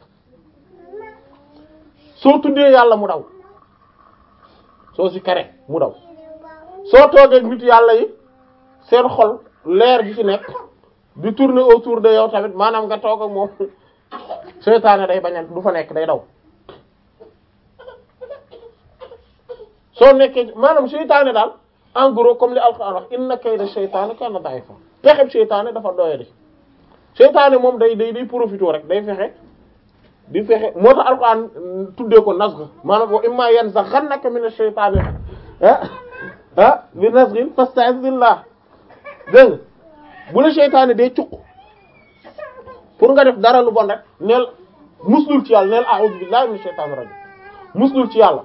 soo tuddee yàlla mu daw soo ci kare mu daw soo toogee nit yàlla yi seen xol leer gi ci nekk di tourner autour de yow tamit maanaam nga toog ak moom seytaane day bañal du fa nekk day daw soo nekkee maanaam seytaane daal en comme li alxuraan wax inna kayda seytaane kana da'ifa pexeb seytaane dafa doyadi seytaane moom day day day profité rek day fexe di fexe moo tax alxuraan tuddee ko nazg maanaam wa imma yanzaghannaka minash shaytaani ah, ah bi nasrin fasta'iz billah dégg nga bu la seytaane dee cuq pour nga def dara lu bon rek neel muslul ci yàlla neel a'udhu billahi minash shaytanir rajim muslul ci yàlla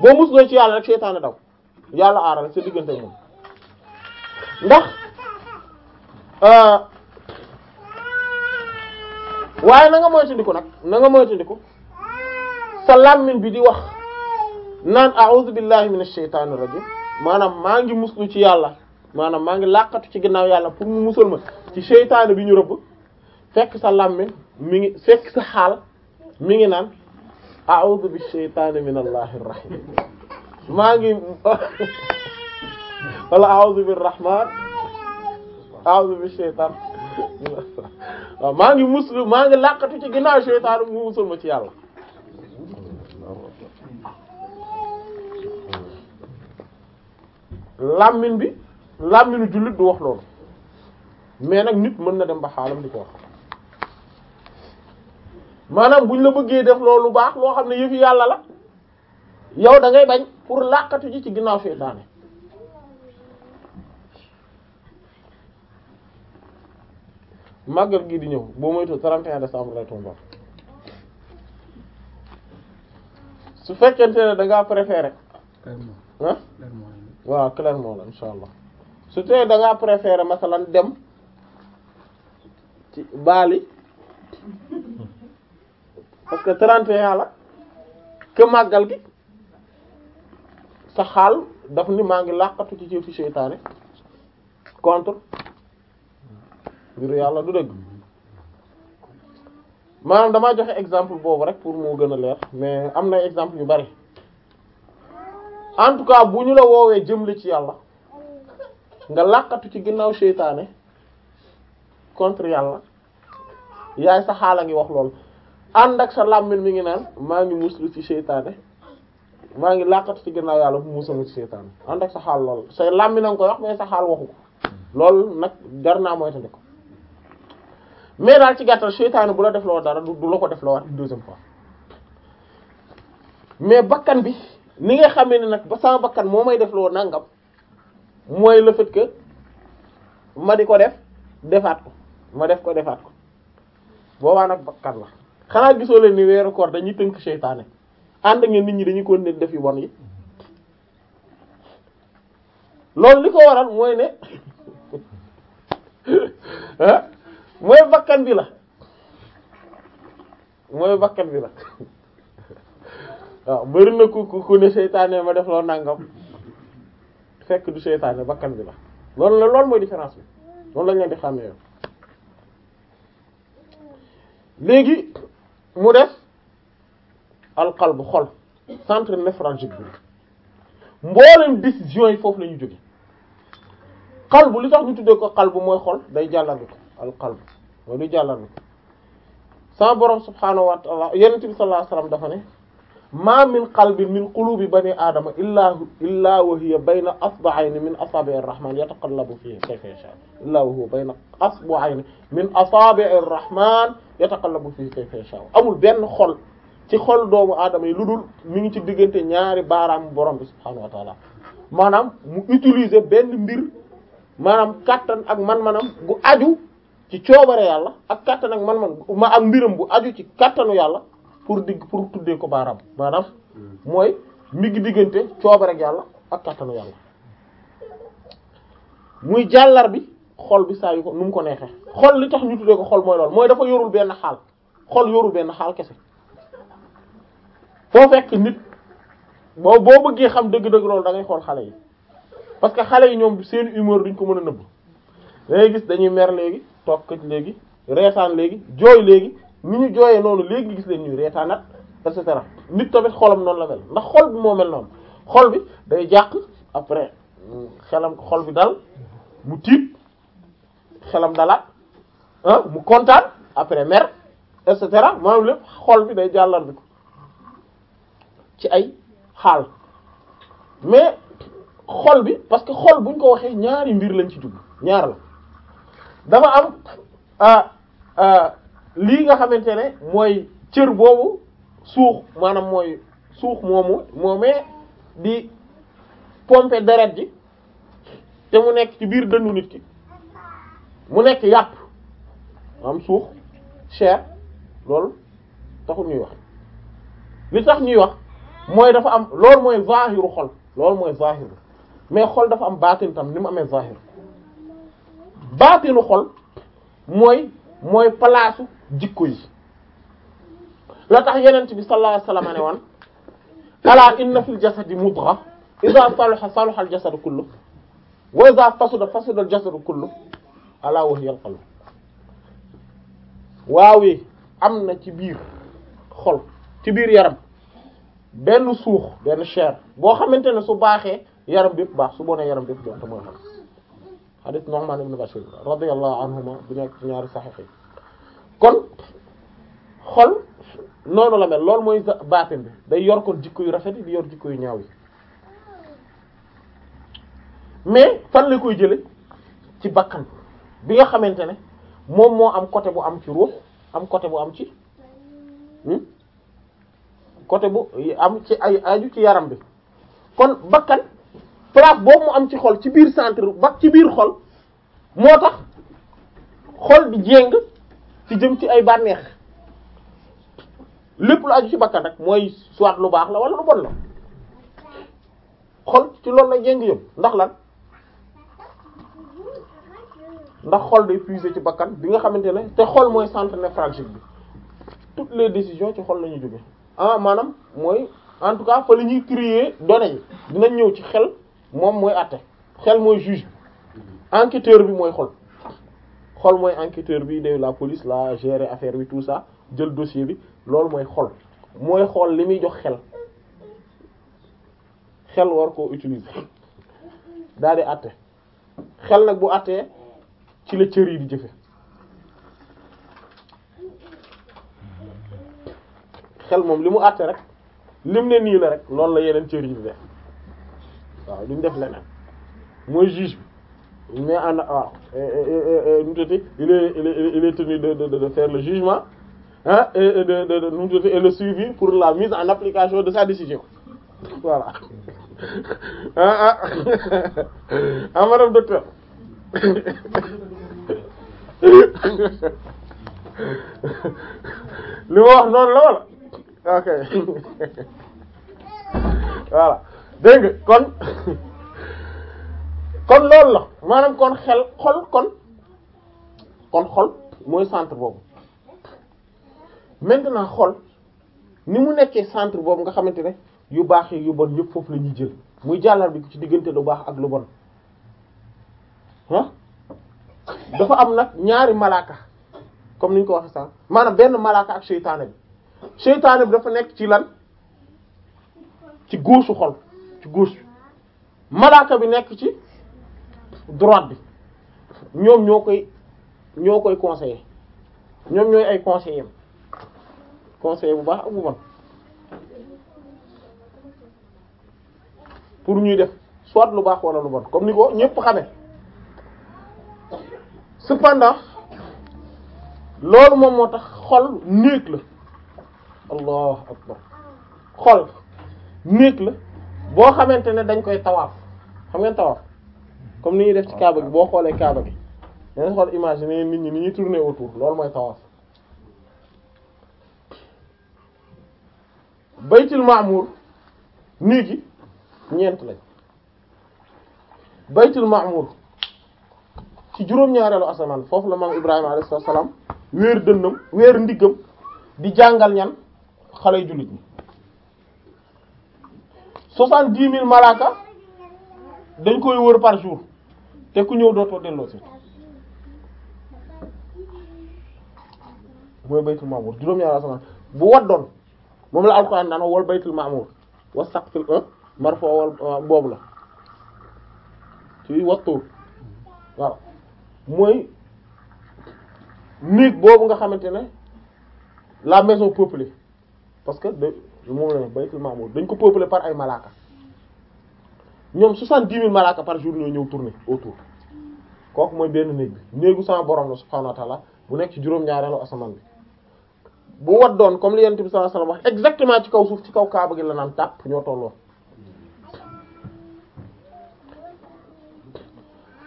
boo musloo ci yàlla rek seytaane daw yàlla aaral sa diggante moom ndax euh, waaye na nga moytandiku nag na nga moytandiku sa làmmiñ bi di wax naan a'udhu billahi minash shaytanir rajim maanaam maa ngi muslu ci yàlla maanaam maa ngi làqatu ci ginnaaw yàlla pour mu musal ma ci seytaane bi ñu rëbb fekk sa làmmiñ mi ngi fekk sa xaal mi ngi naan a'udhu bi shaytaani min allahi rahim maa ngi wala a'udhu bir rahman a'udhu maa ngi muslu maa ngi làqatu ci ginnaaw seytaane mu musal ci yàlla làmmiñ bi làmmiñu jullit du wax loolu mais nag nit mën na dem ba xaalam di ko wax maanaam buñ la bëggee def loolu baax loo xam ne yëfi yàlla la yow dangay ngay bañ pour làqatu ji ci ginnaaw seytaane màggal gii di ñëw boo moytu 31 décembre lay tomber su fekkente ne da préféré ah waaw clairement la insha allah su tee da ngaa préférer masalan dem ci Bali parce que 31 la que màggal gi sa xaal daf ni maa ngi làqatu ci fi seytaane contre ngir yàlla du dëgg maanaam damaa joxe exemple boobu rek pour moo gën a leer mais am na exemple yu bari en tout cas bu ñu la woowee jëmle ci yàlla nga làqatu ci ginnaaw seytaane contre yàlla yaay sa xaala ngi wax lool ànd ak sa làmmiñ mi ngi naan maa ngi muslu ci seytaane maa ngi làqatu ci ginnaaw yàlla mu musal ci seytaane ànd ak sa xaal lool say làmmiñ nga koy wax mais sa xaal waxu ko nag jar naa moytandi ko mais daal ci gàttal seytaane bu la def loo dara du la ko def loo waat mais bakkan bi ni nga xamee ne nag ba sama bakkan moo may def woon nangam mooy le fait que ma di ko def defaat ko ma def ko defaat ko boobaa nag bakkan la xanaa gisoo leen ni weeru koor dañuy tënk seytaane ànd ngeen nit ñi dañu ko ne def yu bon yi loolu li ko waral mooy ne ah, mooy bakkan bi la mooy bakkan bi la waaw bëri na ku ku ne seytaane ma def loo nangam fekk du seytaane bakkan bi la loolu la loolu mooy différence bi loolu lañ leen di xàmmee yow léegi mu def alqalb xol centre névralgique bi mboolem décision yi foofu la ñu jóge xalbu li tax ñu tuddee ko xalbu mooy xol day jàllale ko alqalb mooy luy jàllale ko sama borom subhaanahu wa ta'ala yonent bi sallallahu alayhi dafa ne ma min qalbin min qulubi bani aadama illa illa wa hiya bayna asba'ayni min asabi'ir rahman yataqallabu fihi kayfa yasha illa wa huwa bayna asba'ayni min asabi'ir rahman yataqallabu fihi kayfa yasha amul benn xol ci xol doomu aadama yi lu dul mi ngi ci diggante ñaari baaraam borom bi subhaanahu wa ta'ala maanaam mu utiliser benn mbir maanaam kàttan ak man-manam gu aju ci coobare yàlla ak kàttan ak man-man ma ak mbiram bu aju ci kàttanu yàlla pour digg pour tuddee ko baaraam maanaam hmm. mooy mi diggante coobare ak yàlla ak kattanu yàlla muy jàllar bi xol bi saa yu ko nu mu ko neexee xol li tax ñu tuddee ko xol mooy lool mooy dafa yorul benn xaal xol yorul benn xaal kese foo fekk nit boo boo bëggee xam dëgg-dëgg loolu da ngay xool xale yi parce que xale yi ñoom seen humeur duñ ko mën a nëbb da gis dañuy mer léegi tokk léegi reesaan léegi jooy léegi ni ñu jooyee noonu léegi gis leen ñuy reetaanat et cetera nit tamit xolam noonu la mel ndax xol bi moo mel noonu xol bi day jàq après xelam xol bi dal mu tiit xelam dalaat ah, mu kontaan après mer et cetera maanaam lépp xol bi day jàllar ko ci ay xaal mais xol bi parce que xol buñ ko waxee ñaari mbir lañ ci dugg ñaar la dafa am ah, ah, lii nga xamante ne mooy cër boobu suux maanaam mooy suux moomu moomee di pomper deret ji te mu nekk ci biir dëndu nit ki mu nekk yàpp am suux chair loolu taxul ñuy wax li sax ñuy wax mooy dafa am loolu mooy zahiru xol loolu mooy zahiru mais xol dafa am baatin tam ni mu amee zahir baatinu xol mooy mooy palaasu jikko yi la tax yenent bi sallallahu alayhi wasallam ne woon ala inna fil jasadi mudgha idha salaha salaha al jasadu kullu wa idha fasada fasada al jasadu kullu ala wa hiya al qalb waawee am na ci biir xol ci biir yaram benn suux benn chair boo xamante ne su baaxee yaram bépp baax su bonee yaram bépp doon te mooy xam hadith Nu'man ibn Bashir radiyallahu anhuma bu nekk ci ñaari saxiix yi kon xol noonu la mel loolu mooy baatin bi day yor kon jikko yu rafet yi di yor jikko yu ñaaw yi mais fan la koy jële ci bakkan bi nga xamante ne moom moo am côté bu am ci ruux am côté bu am ci hmm? côté bu am ci ay aju ci yaram bi kon bakkan place boobu mu am ci xol ci biir centre bak ci biir xol moo tax xol di jéng ci jëm ci ay bànneex lépp lu aju ci bakkan rek mooy soit lu baax la wala lu bon la xol ci loolu la jéng yëpp ndax lan ndax xol day puiser ci bakkan bi nga xamante ne te xol mooy centre névralgique bi toutes les décisions ci xol la ñuy jóge ah, maanaam mooy en tout cas fa la ñuy créer données yi dinañ ñëw ci xel moom mooy àtte xel mooy juge bi bi mooy xol xol mooy enquêteur bi de la police la gérer affaire bi tout sax jël dossier bi loolu mooy xol mooy xool li muy jox xel xel war koo utiliser daal di àtte xel nag bu àttee ci la cër yi di jëfe xel moom li mu àtte rek lim ne nii la rek loolu la yeneen cër yi di def waaw duñ def leneen mooy juge mais en ah nu tuddati il est il est il est tenu de de de faire le jugement ah et de de de nu tuddati et suivi pour la mise en application de sa décision voilà ah ah. ah madame docteur li ma wax noonu la wala ok voilà dégg nga kon. kon loolu la maanaam kon xel xol kon kon xol mooy centre boobu maintenant xol ni mu nekkee centre boobu nga xamante ne yu baax yi yu bon yëpp foofu la ñuy jël muy jàllar bi ci diggante lu baax ak lu bon ah dafa am nag ñaari malaaka comme ni ñu ko waxee sax maanaam benn malaaka ak seytaane bi seytaane bi dafa nekk ci lan ci góosu xol ci góos malaaka bi nekk ci droite bi ñoom ñoo koy ñoo koy conseiller ñoom ñooy ay conseillers conseiller bu baax ak bu bon pour ñuy def soit lu baax wala lu bon comme ni ko ñépp xame cependant loolu moom moo tax xol néeg la allah akbar xol néeg la boo xamante ne dañ koy tawaaf xam ngeen tawaaf comme ni ñuy def ci ah, kaaba gi ah. boo xoolee kaaba gi dangay xool image ne nit ñi ni ñuy tourner autour loolu mooy tawaaf baytul ma'mur nii gi ñeent lañ baytul ma'mur ci juróom-ñaareelu asamaan foofu la maam Ibrahima alayhi salaam weer dënnam weer ndiggam di jàngal ñan xale yu jullit ñi malaaka dañ koy wër par jour te ku ñëw dootoo delloo si mooy baytul maamur juróom-ñaari asamaan bu waddoon moom la alxuraan naan wal baytul maamur wa saqfil marfu wal boobu la ci wattuur waaw mooy néeg boobu nga xamante ne la maison peuplée parce que de moom la baytul maamur dañ ko peuplé par ay malaaka ñoom soixante-dix mille malaaka par jour ñoo ñëw tourner autour kooku mooy benn néeg bi néegu sama borom la subhaanahu wa ta'ala bu nekk ci juróom-ñaareelu asamaan bi bu waddoon comme li yonent bi sallallahu alayhi wasallam wax exactement ci kaw suuf ci kaw kaaba gi la naan tàpp ñoo tolloo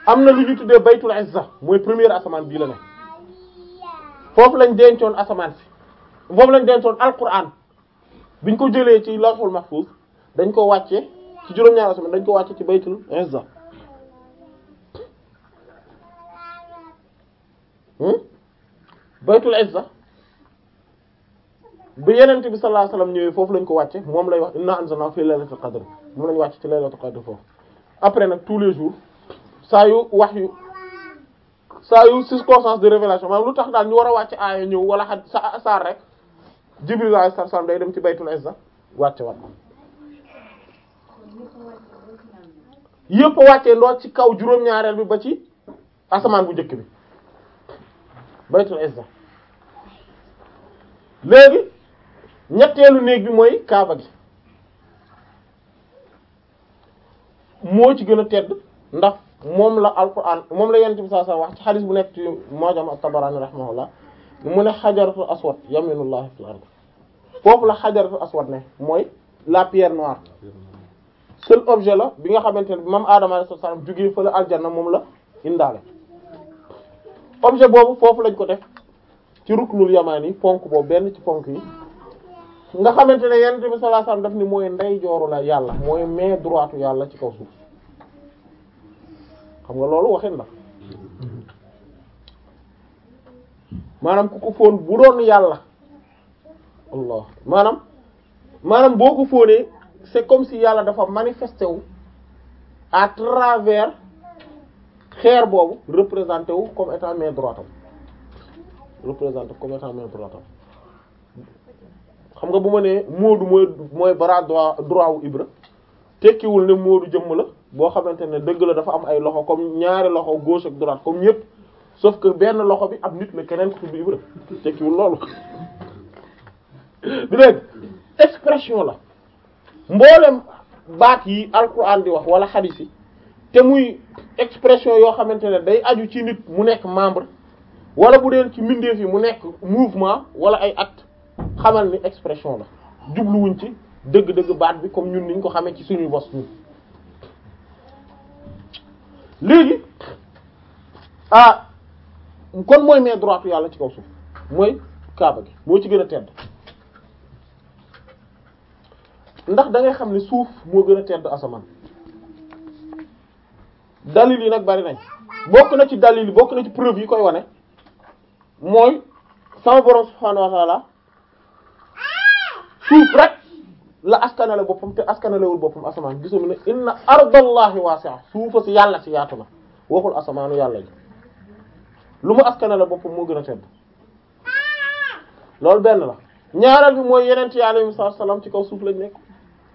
am na lu ñu tuddee baytul izza mooy première asamaan bii la ne foofu lañ dencoon asamaan si foofu lañ dencoon alquran biñ ko jëlee ci lawhul mahfuz dañ ko wàcce ci juróom-ñaari asamaan dañ ko wàcce ci baytul izza hmm? baytul izza bi yenente bi sallallahu alayhi wasallam ñëwee foofu lañ ko wàcce moom lay wax inna anzalna fi laylatul qadr moom lañ wàcce ci laylatul qadr foofu après nag tous les jours saa yu wax yu saa yu circonstance de révélation maanaam lu tax daal ñu war a wàcce aaya ñëw wala xa sa saar rek jibril alayhi salaam day dem ci baytul izza wàcce wat yëpp wàccee ndoo ci kaw juróom-ñaareel bi ba ci asamaan bu njëkk bi baytul izza léegi ñetteelu néeg bi mooy kaaba gi moo ci gën a tedd ndax moom la alquran moom la yent bi saa saa wax ci xadis bu nekk ci mojam at-Tabarani rahimahullah mu ne xajaratul aswad yaminullahi fil ard foofu la xajaratul aswad ne mooy la pierre noire seul objet la bi nga xamante ne bi maam Adama alayhi salaam jugee fële aljanna moom la indaale objet boobu foofu lañ ko def ci ruknul yamaani ponk boobu benn ci ponk yi nga xamante ne yonent bi sallallahu alayhi wasallam daf ni mooy ndeyjooru la yàlla mooy mais droite yàlla ci kaw suuf xam nga loolu waxin la maanaam ku ko fóon bu doon yàlla allah maanaam maanaam boo ko fóonee c'est comme si yàlla dafa manifesté wu à travers xeer boobu représenté wu comme étant main droite am comme étant main droite xam nga bu ma nee Moodu mooy mooy bras droit droit wu Ibra tekkiwul ne Moodu jëmm la boo xamante ne dëgg la dafa am ay loxo comme ñaari loxo gauche ak droite comme ñépp sauf que benn loxo bi ab nit la keneen ku tudd Ibra tekkiwul loolu du dégg expression la. mboolem baat yi alquran di wax wala hadith yi te muy expression yoo xamante ne day aju ci nit mu nekk membre wala bu deen ci mbindeef yi mu nekk mouvement wala ay acte xamal ni expression la jubluwuñ ci dëgg-dëgg baat bi comme ñun ñu ko xamee ci suñuy bos ñun léegi ah kon mooy main droite yàlla ci kaw suuf mooy kaaba gi moo ci gën a tedd ndax da ngay xam ne suuf moo gën a tedd asamaan dalil yi nag bari nañ bokk na ci dalil yi bokk na ci preuve yi koy wane mooy sama borom subhaanahu wa ta'ala suuf rek la askanale boppam te askanalewul boppam asamaan gisum ne inna ardallahi wasi'a suufa si yàlla si yaatu na waxul asamaanu yàlla yi lu mu askanale boppam moo gën a tedd loolu benn la ñaareel bi mooy yeneen ci alayhi salaam ci kaw suuf lañ nekk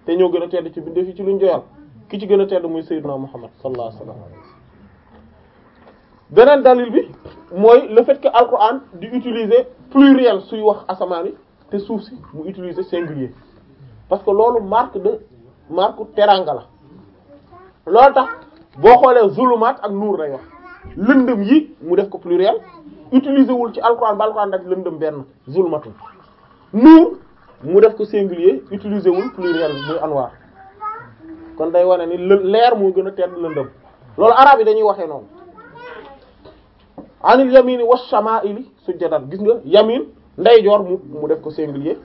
te ñoo gën a tedd ci bindee fi ci luñ joyal ki ci gën a tedd muy sayyidna Muhammad sallallahu alayhi wasallam beneen dalil bi mooy le fait que alquran di utiliser pluriel suy wax asamaan yi te suuf si mu utiliser singulier parce que loolu marque de marque teranga la loolu tax boo xoolee zulumaat ak nuur lay wax lëndëm yi mu def ko pluriel utiliser wul ci alquran ba alquran rek lëndëm benn zulumaatul nuur mu def ko singulier utiliser wul pluriel bi muy anwaar kon day wane ni leer moo gën a tedd lëndëm loolu arabe yi dañuy waxee noonu anil yamini wa shama'ili sujjadan gis nga yamin ndeyjoor mu mu def ko singulier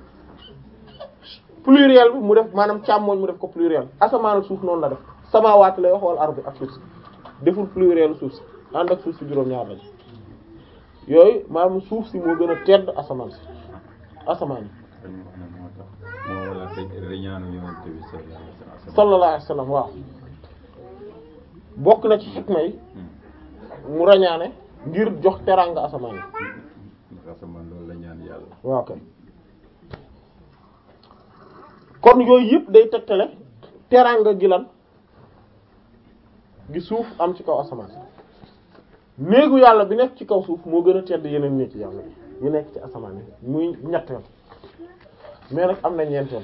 pluriel bi mu def maanaam càmmoñ mu def ko pluriel asamaan ak suuf noonu la def samawaat lay wax wala ardi ak suuf si deful pluriel suuf si ànd ak suuf si juróom-ñaar yooyu maanaam suuf si moo gën a tedd asamaan si asamaan yi dañ wax ne moo tax waaw bokk na ci xikma yi mu rañaane ngir jox teraanga asamaan yi asamaan loolu la ñaan yàlla kon yooyu yëpp day tegtale teraanga gi gi suuf am ci kaw asamaan néegu yàlla bi nekk ci kaw suuf moo gën a tedd yeneen néeg yàlla yi ñu nekk ci asamaan yi muy ñett mais nag am na ñeenteel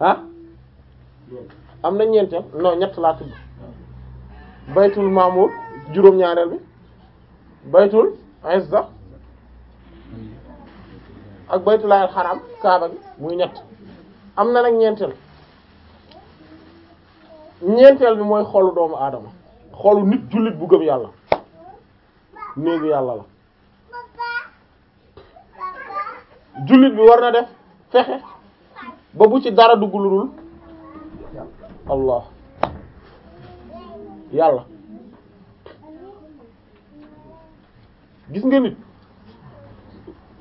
ah am na ñeenteel non ñett laa tudd baytul maamur juróom-ñaareel bi baytul izza ak baytul haram kaaba gi muy ñett am na nag ñeenteel ñeenteel bi mooy xolu doomu aadama xolu nit jullit bu gëm yàlla néegu yàlla la jullit bi war na def fexe ba bu ci dara dugg lu dul allah yàlla gis nga nit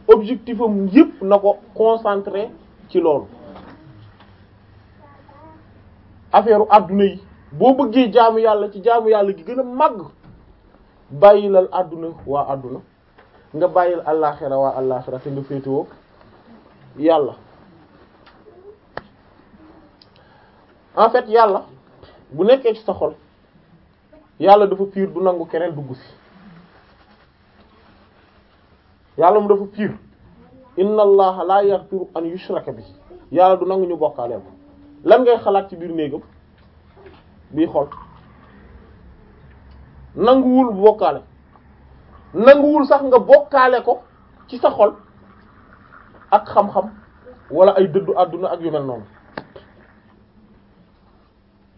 objectif am yépp na ko concentré ci loolu affaire adduna yi boo bëggee jaamu yàlla ci jaamu yàlla gi gën a màgg bàyyilal àdduna waa adduna nga bàyyil àllaaxira waa àllaaxira te nga féetewoo yàlla en fait yàlla bu nekkee ci sa xol yàlla dafa pur du nangu keneen dugg ci yàlla mu dafa pur inna allaha la yaghfiru an yushraka bi yàlla du nangu ñu bokkaale lan ngay xalaat ci biir néegam bii xol nanguwul bokkaale nanguwul sax nga bokkaale ko ci sa xol ak xam-xam wala ay dëddu àdduna ak yu mel noonu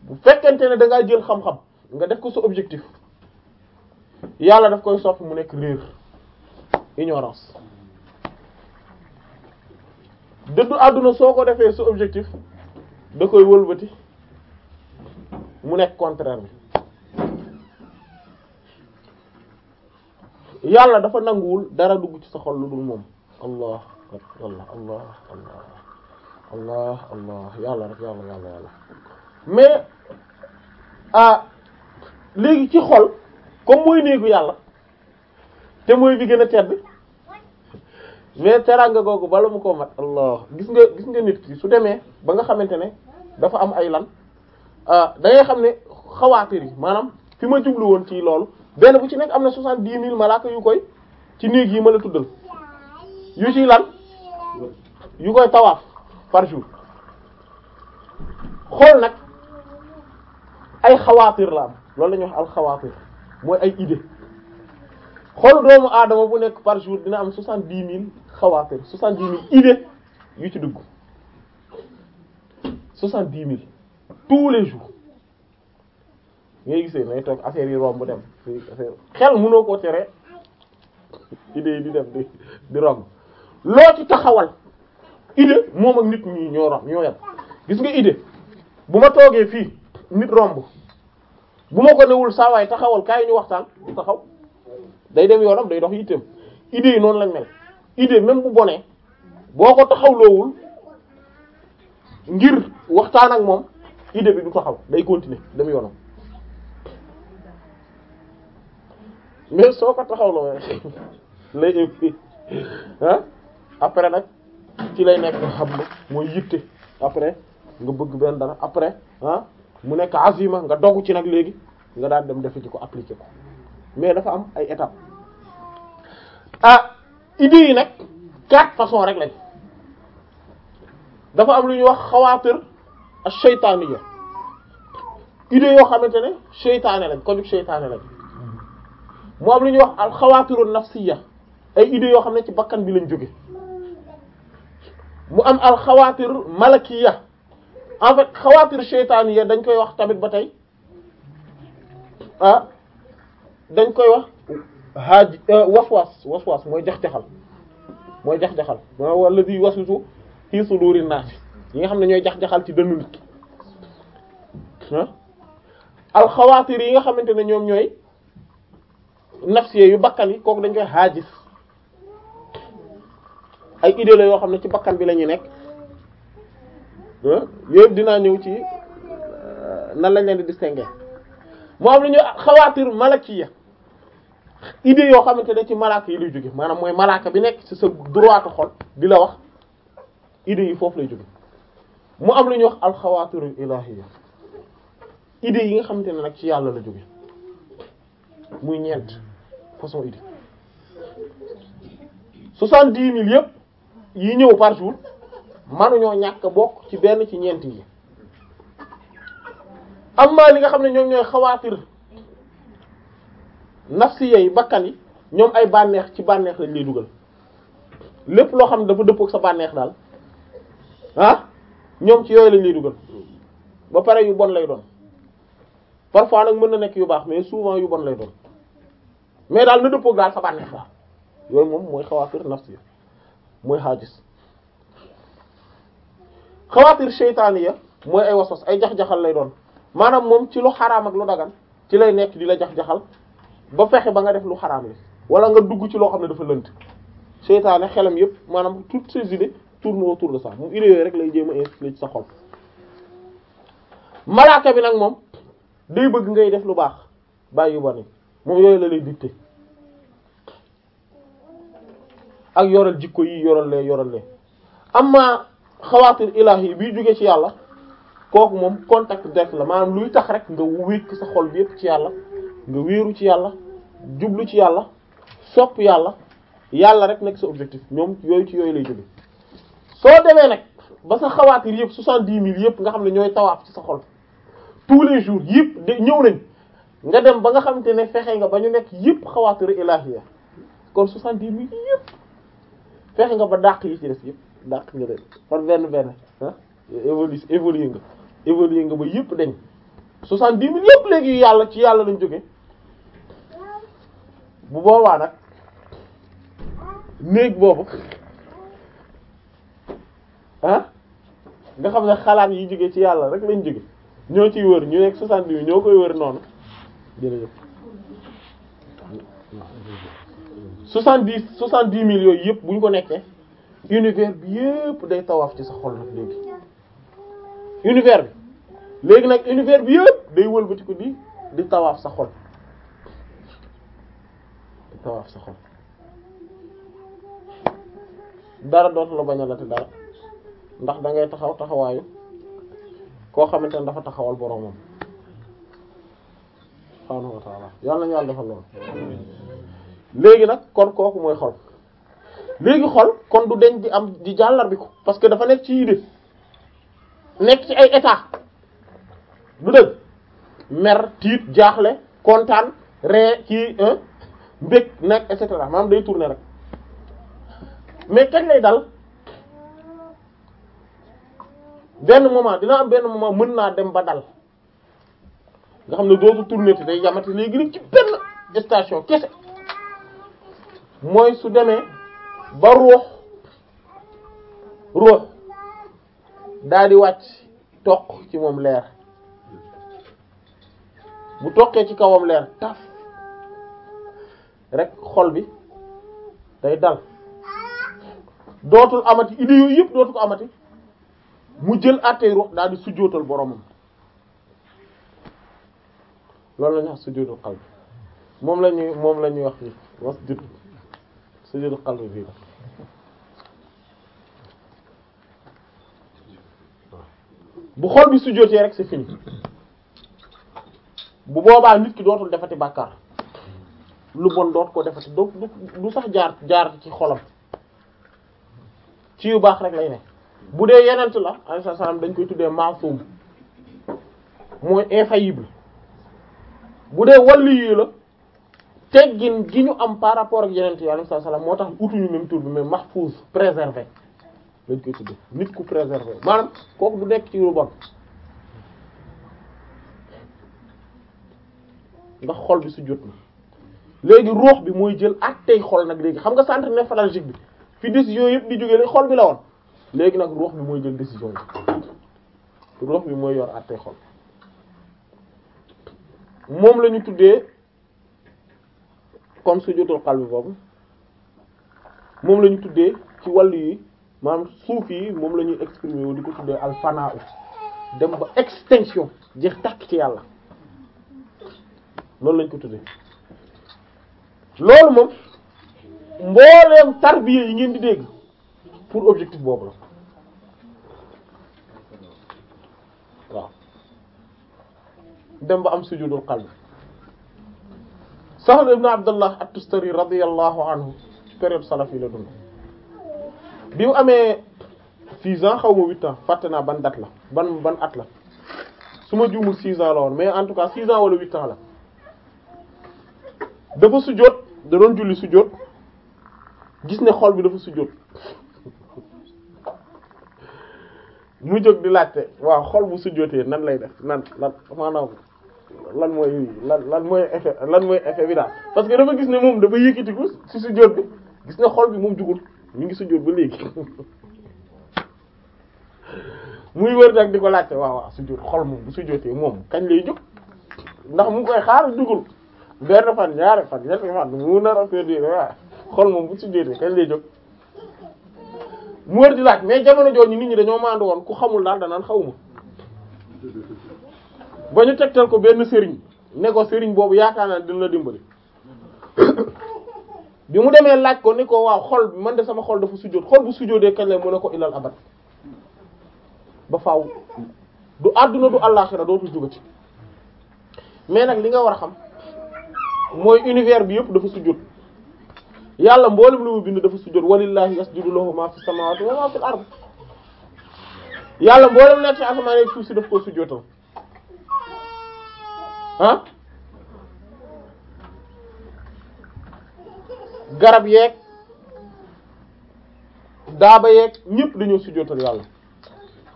bu fekkente ne da jël xam-xam nga def ko sa objectif yàlla daf koy soppi mu nekk réer ignorance dëddu àdduna soo ko defee sa objectif da koy wëlbati mu nekk contraire bi yàlla dafa nanguwul dara dugg ci sa xol lu dul moom allah akbar allah allah allah allah allah yàlla rek yàlla yàlla mais ah léegi ci xol comme mooy néegu yàlla te mooy bi gën a tedd mais teraanga googu bala mu ko mat allah gis nga gis nga nit ki su demee ba nga xamante ne dafa am ay lan ah, da ngay xam ne xawaatir maanaam fi ma jublu woon ci loolu benn bu ci nekk am na soixante-dix mille malaaka yu koy ci néeg yi ma la tuddal yu ciy lan yu koy tawaaf par jour xool nag ay xawaatir la am loolu lañuy ñuy wax alxawaatir mooy ay idée xool doomu adama bu nekk par jour dina am soixante dix mille xawaatir soixante dix mille idée yu ci dugg soixante dix mille tous les jours ngay gisee nay toog affaire yi romb dem xel mënoo ko tere idée yi di dem di romb loo ci taxawal idée moom ak nit ñi ñoo rom ñoo gis nga idée bu ma toogee fii nit romb bu ma ko newul saa waay taxawal kaay ñu waxtaan taxaw day dem yoonam day dox itam idée yi noonu lañ mel idée même bu bonee boo ko taxawloowul ngir waxtaan ak moom idée bi du taxaw day continuer dem yoonam mais soo ko taxawloo lay ah après nag ci lay nekk habb mooy yitte après nga bëgg benn dara après ah mu nekk azima nga dogu ci nag léegi nga daan dem defe ci ko appliquer ko mais dafa am ay état ah idées yi nag quatre façon rek lañ dafa am lu ñuy wax xawaatir ak seytaane ya idées yoo xamante ne seytaane lañ ko jug seytaane lañ mu am lu ñuy wax al xawaatiru nafsiya ay idées yoo xam ne ci bakkan bi lañ jóge mu am al xawaatir malakiya en fait xawaatir sheytaaniya dañ koy wax tamit ba tey ah dañ koy wax haaj euh, waswas waswas mooy jax-jaxal mooy jax-jaxal wala di wasusu fii suduri naas yi nga xam ne ñooy jax-jaxal ci dënnu nit ah al xawaatir yi nga xamante ne ñoom ñooy nafsiye yu bakkan yi kooku dañ koy haajis ay idée la yoo xam ne ci bakkan bi la ñuy nekk yooyu dinaa ñëw ci euh, nan lañ leen di distinguer moo am la ñu xawaatir malakiya idée yoo xamante ne ci malaaka yi lay jóge maanaam mooy malaaka bi nekk ci sa droite xol di la wax idées yi foofu lay jóge mu am lu ñuy wax alxawaatiru ilaahiya idées yi nga xamante ne nag ci yàlla la jóge muy ñeent façon idée soixante-dix mille yëpp yi ñëw par jour manuñoo ñàkk bokk ci benn ci ñeent yi amma li nga xam ne ñoom ñooy xawaatir nafsiya yi bakkan yi ñoom ay bànneex ci bànneex lañ lay dugal lépp loo xam ne dafa dëppoo sa bànneex daal ah ñoom ci yooyu lañ lay dugal ba pare yu bon lay doon parfois nag mën na nekk yu baax mais souvent yu bon lay doon mais daal na dëppoo daal sa bànneex daal yooyu moom mooy xawaatir nafsiya mooy xaajis xawaatir ya mooy ay waswas ay jax-jaxal lay doon maanaam moom ci lu xaraam ak lu dagan ci lay nekk di la jax-jaxal ba fexe ba nga def lu xaraam li wala nga dugg ci loo xam ne dafa lënt seytaane xelam yépp maanaam toutes ces idées tournent autour de ça mu idée rek lay jéem a insister sa xol malaaka bi nag moom day bëgg ngay def lu baax bàyyi yu bon moom yooyu la lay dicter ak yoral jikko yi yoral lee yoral lee amma xawaatir ilaahi bi jóge ci yàlla kooku moom contact direct la maanaam luy tax rek nga wékk sa xol bi yépp ci yàlla nga wéeru ci yàlla jublu ci yàlla sopp yàlla yàlla rek nekk sa objectif ñoom yooyu ci yooyu lay jóge soo demee nag ba sa xawaatir yëpp soixante-dix mille yëpp nga xam ne ñooy tawaaf ci sa xol tous les jours yëpp de ñëw nañ nga dem ba nga xamante ne fexee nga ba ñu nekk yëpp xawaatir ilaahi ya kon fexe nga ba dàq yi ci des yëpp dàq nga leen par benn benn ah évolu évolué nga évolué nga ba yëpp dañ soixante-dix mille yëpp léegi yàlla ci yàlla lañ jóge bu boobaa nag néeg boobu ah nga xam ne xalaat yi jóge ci yàlla rek lañ jóge ñoo ciy wër ñu nekk soixante-dix mille ñoo koy wër noonu jërëjëf soixante dix soixante dix mille yooyu yëpp bu ñu ko nekkee univers bi yëpp day tawaaf ci sa xol nag léegi univers bi léegi nag univers bi yëpp day wëlbatiku di di tawaaf sa xol di tawaaf sa xol dara dootu la bañalati dara ndax da taxaw taxawaayu koo xamante ne dafa taxawal boromam subhaanahu wa ta'ala yàlla ñu defal loolu léegi nag kon kooku mooy xol léegi xol kon du deñ di am di jàllar bi ko parce que dafa nekk ci idée nekk ci ay état du dëgg mer tiit jaaxle kontaan ree ci mbég nag et cetera maanaam day tourner rek mais kañ lay dal benn moment dina am benn moment mën naa dem ba dal nga xam ne dootu tourner te day yamati léegi rek ci benn station kese mooy su demee ba ruux ruux daal di wàcc toq ci moom leer bu toqee ci kawam leer taf rek xol bi day dal dootul amati idée yooyu yëpp dootu ko amati mu jël àttee ruux daal di sujjóotal boromam loolu la ñuy wax sujjóotul xal bi moom la ñuy moom la ñuy wax ni wasjud sujjóotu xalbi bii la bu xol bi sujjóotee rek c'est fini bu boobaa nit ki dootul defati bàkkaar lu bon doot ko defati do du sax jaar jaar ci xolam ci yu baax rek lay ne bu dee yenent la alayhi salaam dañ koy tuddee maasum mooy infaillible bu dee wàllu yi la teggin gi ñu am par rapport ak yeneen yi alayhi moo tax utuñu même tur bi mais mahfuz préservé lañ koy tudd nit ku préservé maanaam kooku du nekk ci lu bon ndax xol bi su jot na léegi ruux bi mooy jël ak tey xol nag léegi xam nga centre néphragique bi fi décision yëpp di jógee léegi xol bi la woon léegi nag ruux bi mooy jël décision bi ruux bi mooy yor ak xol moom la tuddee. kon sujjóotul qalbi boobu moom la tuddee ci wàll yi maanaam suuf yi moom lañuy ñuy exprimer wu di ko tuddee al fanaa dem ba extinction jeex takk ci yàlla loolu lañ ko tuddee loolu moom mbooleem tarbiya yi ngeen di dégg pour objectif boobu la waaw dem ba am xal bi Sahl ibn Abdullah at-Tustari radiyallahu anhu ci période salaf la dund bi mu amee six ans xaw ma huit ans fàtte naa ban date la ban ban at la su ma juumul six la woon mais en tout cas six ans wala huit ans la dafa sujjóot da doon julli sujjóot gis ne xol bi dafa sujjóot mu jóg di laajte waaw xol bu sujjóotee nan lay def nan lan maanaam lan mooy lan lan mooy effet lan mooy effet bi daal parce que dafa gis ne moom dafa yëkkatiku ci sujjóot bi gis ne xol bi moom jugul mi ngi sujjóot ba léegi muy wër nag di ko laajte waaw waaw sujjóot xol moom bu sujjóotee moom kañ lay jóg ndax mu ngi koy xaar jugul benn fan ñaari fan ñetti fan mu nar a di waaw xol moom bu sujjóotee kañ lay jóg mu wër di laaj mais jamono ñu nit ñi dañoo maandu woon ku xamul daal danaan xawma ba ñu tegtal ko benn sëriñ ne ko sëriñ boobu yaakaar naa dina la dimbali bi mu demee laaj ko ni ko waaw xol bi man de sama xol dafa sujjóot xol bu sujjóotee kañ la mu ne ko ilal abad ba faaw du àdduna du àllaaxira dootul jugati mais nag li nga war a xam mooy univers bi yëpp dafa sujjóot yàlla mboolem lu mu bind dafa sujjóot walillaahi yasjudu lahu ma fi samaawaati wa ma fil ard yàlla mboolem nekk ci asamaan yi suuf si daf koo sujjóotal ah garab yeek daaba yeeg ñëpp dañoo sujjóotal yàlla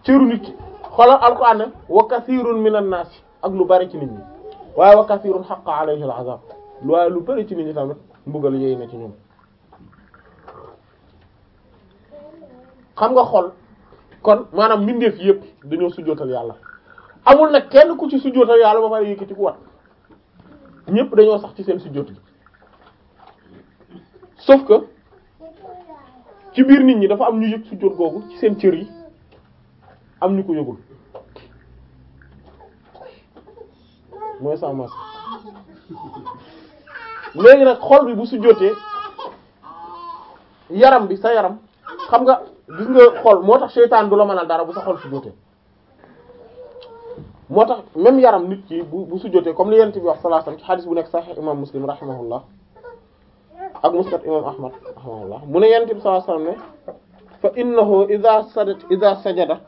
cëru nit ki xoolal alquran ne wa kathirun minan nas ak lu bari ci nit ñi waaye wa kathirun haqqa alayhi al'azab waaye lu bari ci nit ñi tamit mbugal yooyu na ci ñoom xam nga xol kon maanaam mbindeef yëpp dañoo sujjóotal yàlla amul nag kenn ku ci sujjóotal yàlla ba pare yëkkati ku wat ñépp dañoo sax ci seen sujjóot yi sauf que ci biir nit ñi dafa am ñu yëg sujjóot googu ci seen cër yi am ñu ko yëgul mooy sans masque léegi nag xol bi bu sujjóotee yaram bi sa yaram xam nga gis nga xol moo tax seytaan du la mënal dara bu sa xol sujjóotee moo tax même yaram nit ki bu bu sujjotee comme li yent bi wax sallallahu alayhi wasallam ci xadis bu nekk sahih imam muslim rahimahullah ak musnad imam ahmad rahimahullah mu ne yent bi sallallahu alayhi wasallam ne fa innahu idha sajada idha sajada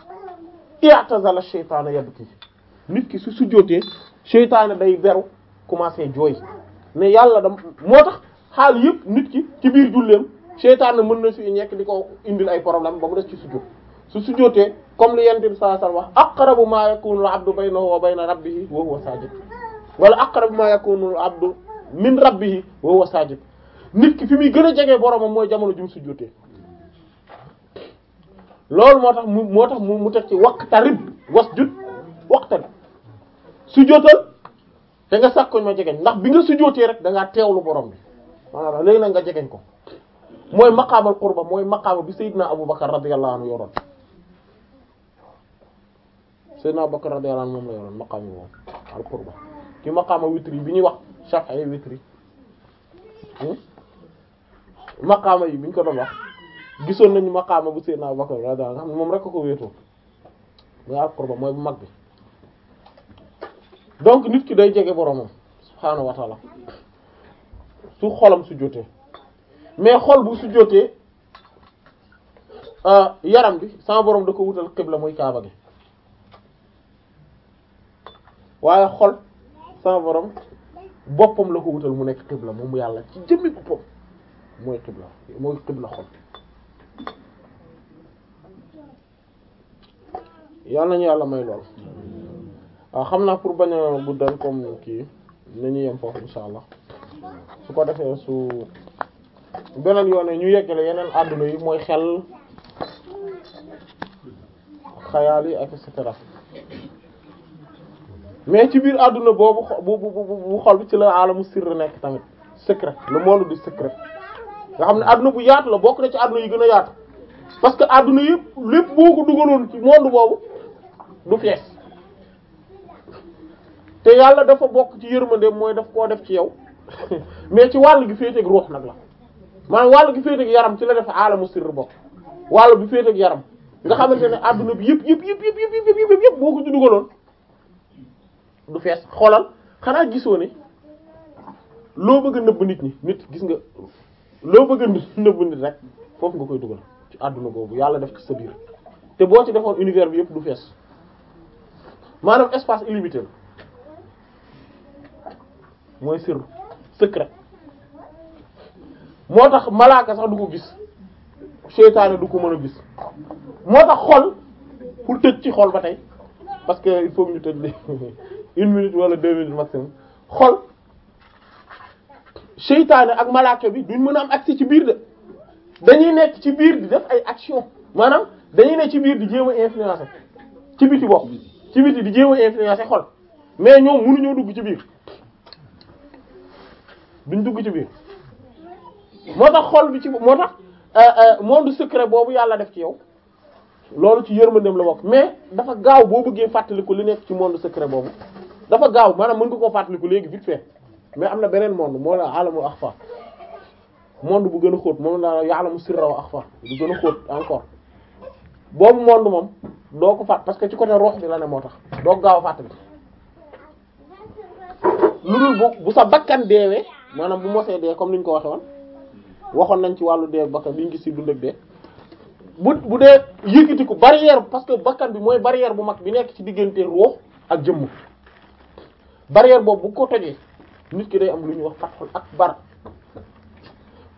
i'tazala shaytaana yabki nit ki su sujjotee seytaane day beru commencé jooy mais yàlla da moo tax xaal yëpp nit ki ci biir julleem seytaane mën na si ñekk di ko indil ay problème ba mu des ci sujjóot su sujjóotee comme li yonent bi sallallahu alayhi wasallam wax aqrabu ma yakunu al-abdu baynahu wa bayna rabbihi wa huwa sajid wala aqrabu ma yakunu al-abdu min rabbihi wa huwa sajid nit ki fi muy gën a jege boromam mooy jamono ju mu sujjóotee loolu moo tax mu moo tax mu mu teg ci waqtarib wasjud waqtarib sujjóotal te nga sàkkoñ ma jegeñ ndax bi nga sujjóotee rek danga ngaa teewlu borom bi maanaam léegi nag nga jegeñ ko mooy maqaamal qurba mooy maqaama bi sayyidina Abu Bakar radiyallahu anhu yoroon Seydina Bakar radiyallahu anhu moom la yoroon maqaam yi moom al qurba ci maqaama witri bi ñuy wax shafa'i witri hmm? maqaama yi bi ñu ko doon wax gisoon nañu maqaama bu Seydina Bakar radiyallahu anhu moom rek ko wéetoo mooy al qurba mooy bu mag bi donc nit ki day jege boromam subhaanahu wa ta'ala su xolam su jotee mais xol bu su jotee euh, yaram bi sama borom da ko wutal la muy kaaba gi waaye xol sama borom boppam la ko wutal mu nekk xibla moom yàlla ci jëmmi boppam mooy xibla moo xibla xol yàlla nañu yàlla may lool waaw xam naa pour bañ a guddal comme kii nañu yem foofu insha allah su ko defee su beneen yoone ñu yeggale yeneen àdduna yi mooy xel xayaal yi ak mais ci biir àdduna boobu bu bu xol ci la alamu sirr nekk tamit secret le monde du secret nga xam ne àdduna bu yaatu la bokk na ci àdduna yi gën a yaatu parce que àdduna yëpp lépp boo ko dugaloon ci monde boobu du fees te yàlla dafa bokk ci yërmande mooy daf koo def ci yow mais ci wàll gi féeteeg ruux nag la maanaam wàll gi féeteeg yaram ci la def alamu sirr bokk wàll bu féeteeg yaram nga xamante ne àdduna bi yëpp yëpp yëpp yëpp yëpp yëpp yëpp boo ko ci dugaloon. du fees xoolal xanaa gisoo ne loo bëgg a nëbb nit ñi nit gis nga loo bëgg a nëbb nit rek foofu nga koy dugal ci àdduna boobu yàlla def ci sa biir te boo ci defoon univers bi yëpp du fees maanaam espace illimité mooy sir secret moo tax malaaka sax du ko gis seytaane du ko mën a gis moo tax xol pour tëj ci xol ba tey parce que il faut ñu tëj li une minute wala deux minutes maximum xol seytaane ak malaaka bi duñ mën a am accès ci biir de dañuy nekk ci biir di def ay action maanaam dañuy nekk ci biir di jéem a influencer ci biti bokk ci biti di jéem a xol mais ñoom mënuñoo dugg ci biir duñ dugg ci biir moo tax xol bi ci moo tax euh, euh, monde secret boobu yàlla def ci yow loolu ci yërmandeem la bokk mais dafa gaaw boo bëggee fàttaliku lu nekk ci monde secret boobu dafa gaaw maanaam mën nga koo fàttaliku léegi vite fait mais am na beneen monde moo la alamu axfa monde bu gën a xóot moom la ya'lamu sirra wa axfa bu gën a xóot encore boobu monde moom doo ko fàtt parce que ci côté rox bi la ne moo tax doo gaaw a fàttali lu dul bu bu sa bakkan deewee maanaam bu mosee dee comme ni ñu ko waxe waxoon nañ ci wàllu dee bakkan bi ñu gis ci dund ak bu bu dee yëkkati ko barrière parce que bakkan bi mooy barrière bu mag bi nekk ci diggante ruux ak jëmm barrière boobu bu ko tojee nit ki day am lu ñuy wax ak akbar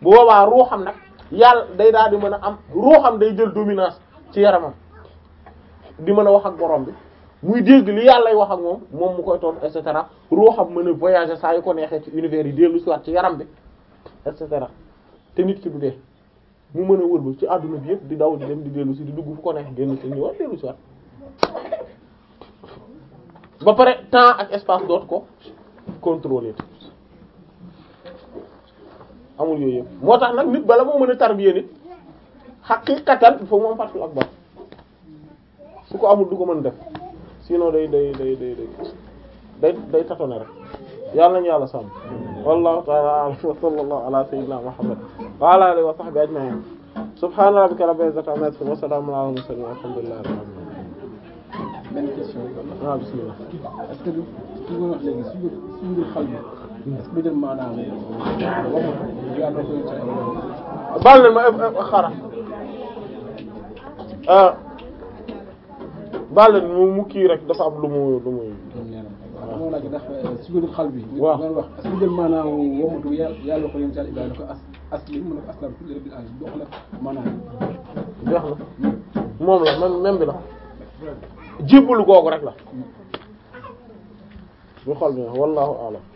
bu boobaa ruuxam nag yàlla day daal di mën a am ruuxam day jël dominance ci yaramam di mën a wax ak borom bi muy dégg li yàllay wax ak moom moom mu koy toog et cetera ruuxam mën a voyager saa yu ko neexee ci univers yi dellu ci waat ci yaram bi et cetera te nit ki du dee mu mën a wërlu ci àdduna bi yëpp di daw di dem di dellu si di dugg fu ko neex génn si ñëwaat dellu si waat ba pare temps ak espace dootu ko contrôler amul yooyu moo tax nag nit bala moo mën a tarbiya nit xaqiqatan il faut moom fàttul ak baax ko amul du ko mën def sinon day day day day day day tatone rek yàlla nañu yàlla sàmm wallahu ta'ala wa sallallahu ala sayyidina muhammad wa ala alihi wa sahbihi ajma'in subhana rabbika rabbil izzati amma yasifun wa salamun ala al mursalin walhamdulillahi rabbil alamin benn question. waaw ah, bisimilah. est-ce que du ki nga wax léegi suñu suñu xal bi est-ce que du jël maanaam wax nga yàlla koy caay. baal leen ma euh, euh, xaaral ah baal leen mu mu kii rek dafa am lu mu lu muy. waaw ndax euh, suñu xal bi. waaw li wax est-ce que jël maanaam womatu yàlla yàlla koy caay Ibrahima ko as as li mu mën a aslam fi rabbil alamin bokk na maanaam. jeex na moom la man même bi la. jébbalu googu rek la ñu xool bi wallahu a'lam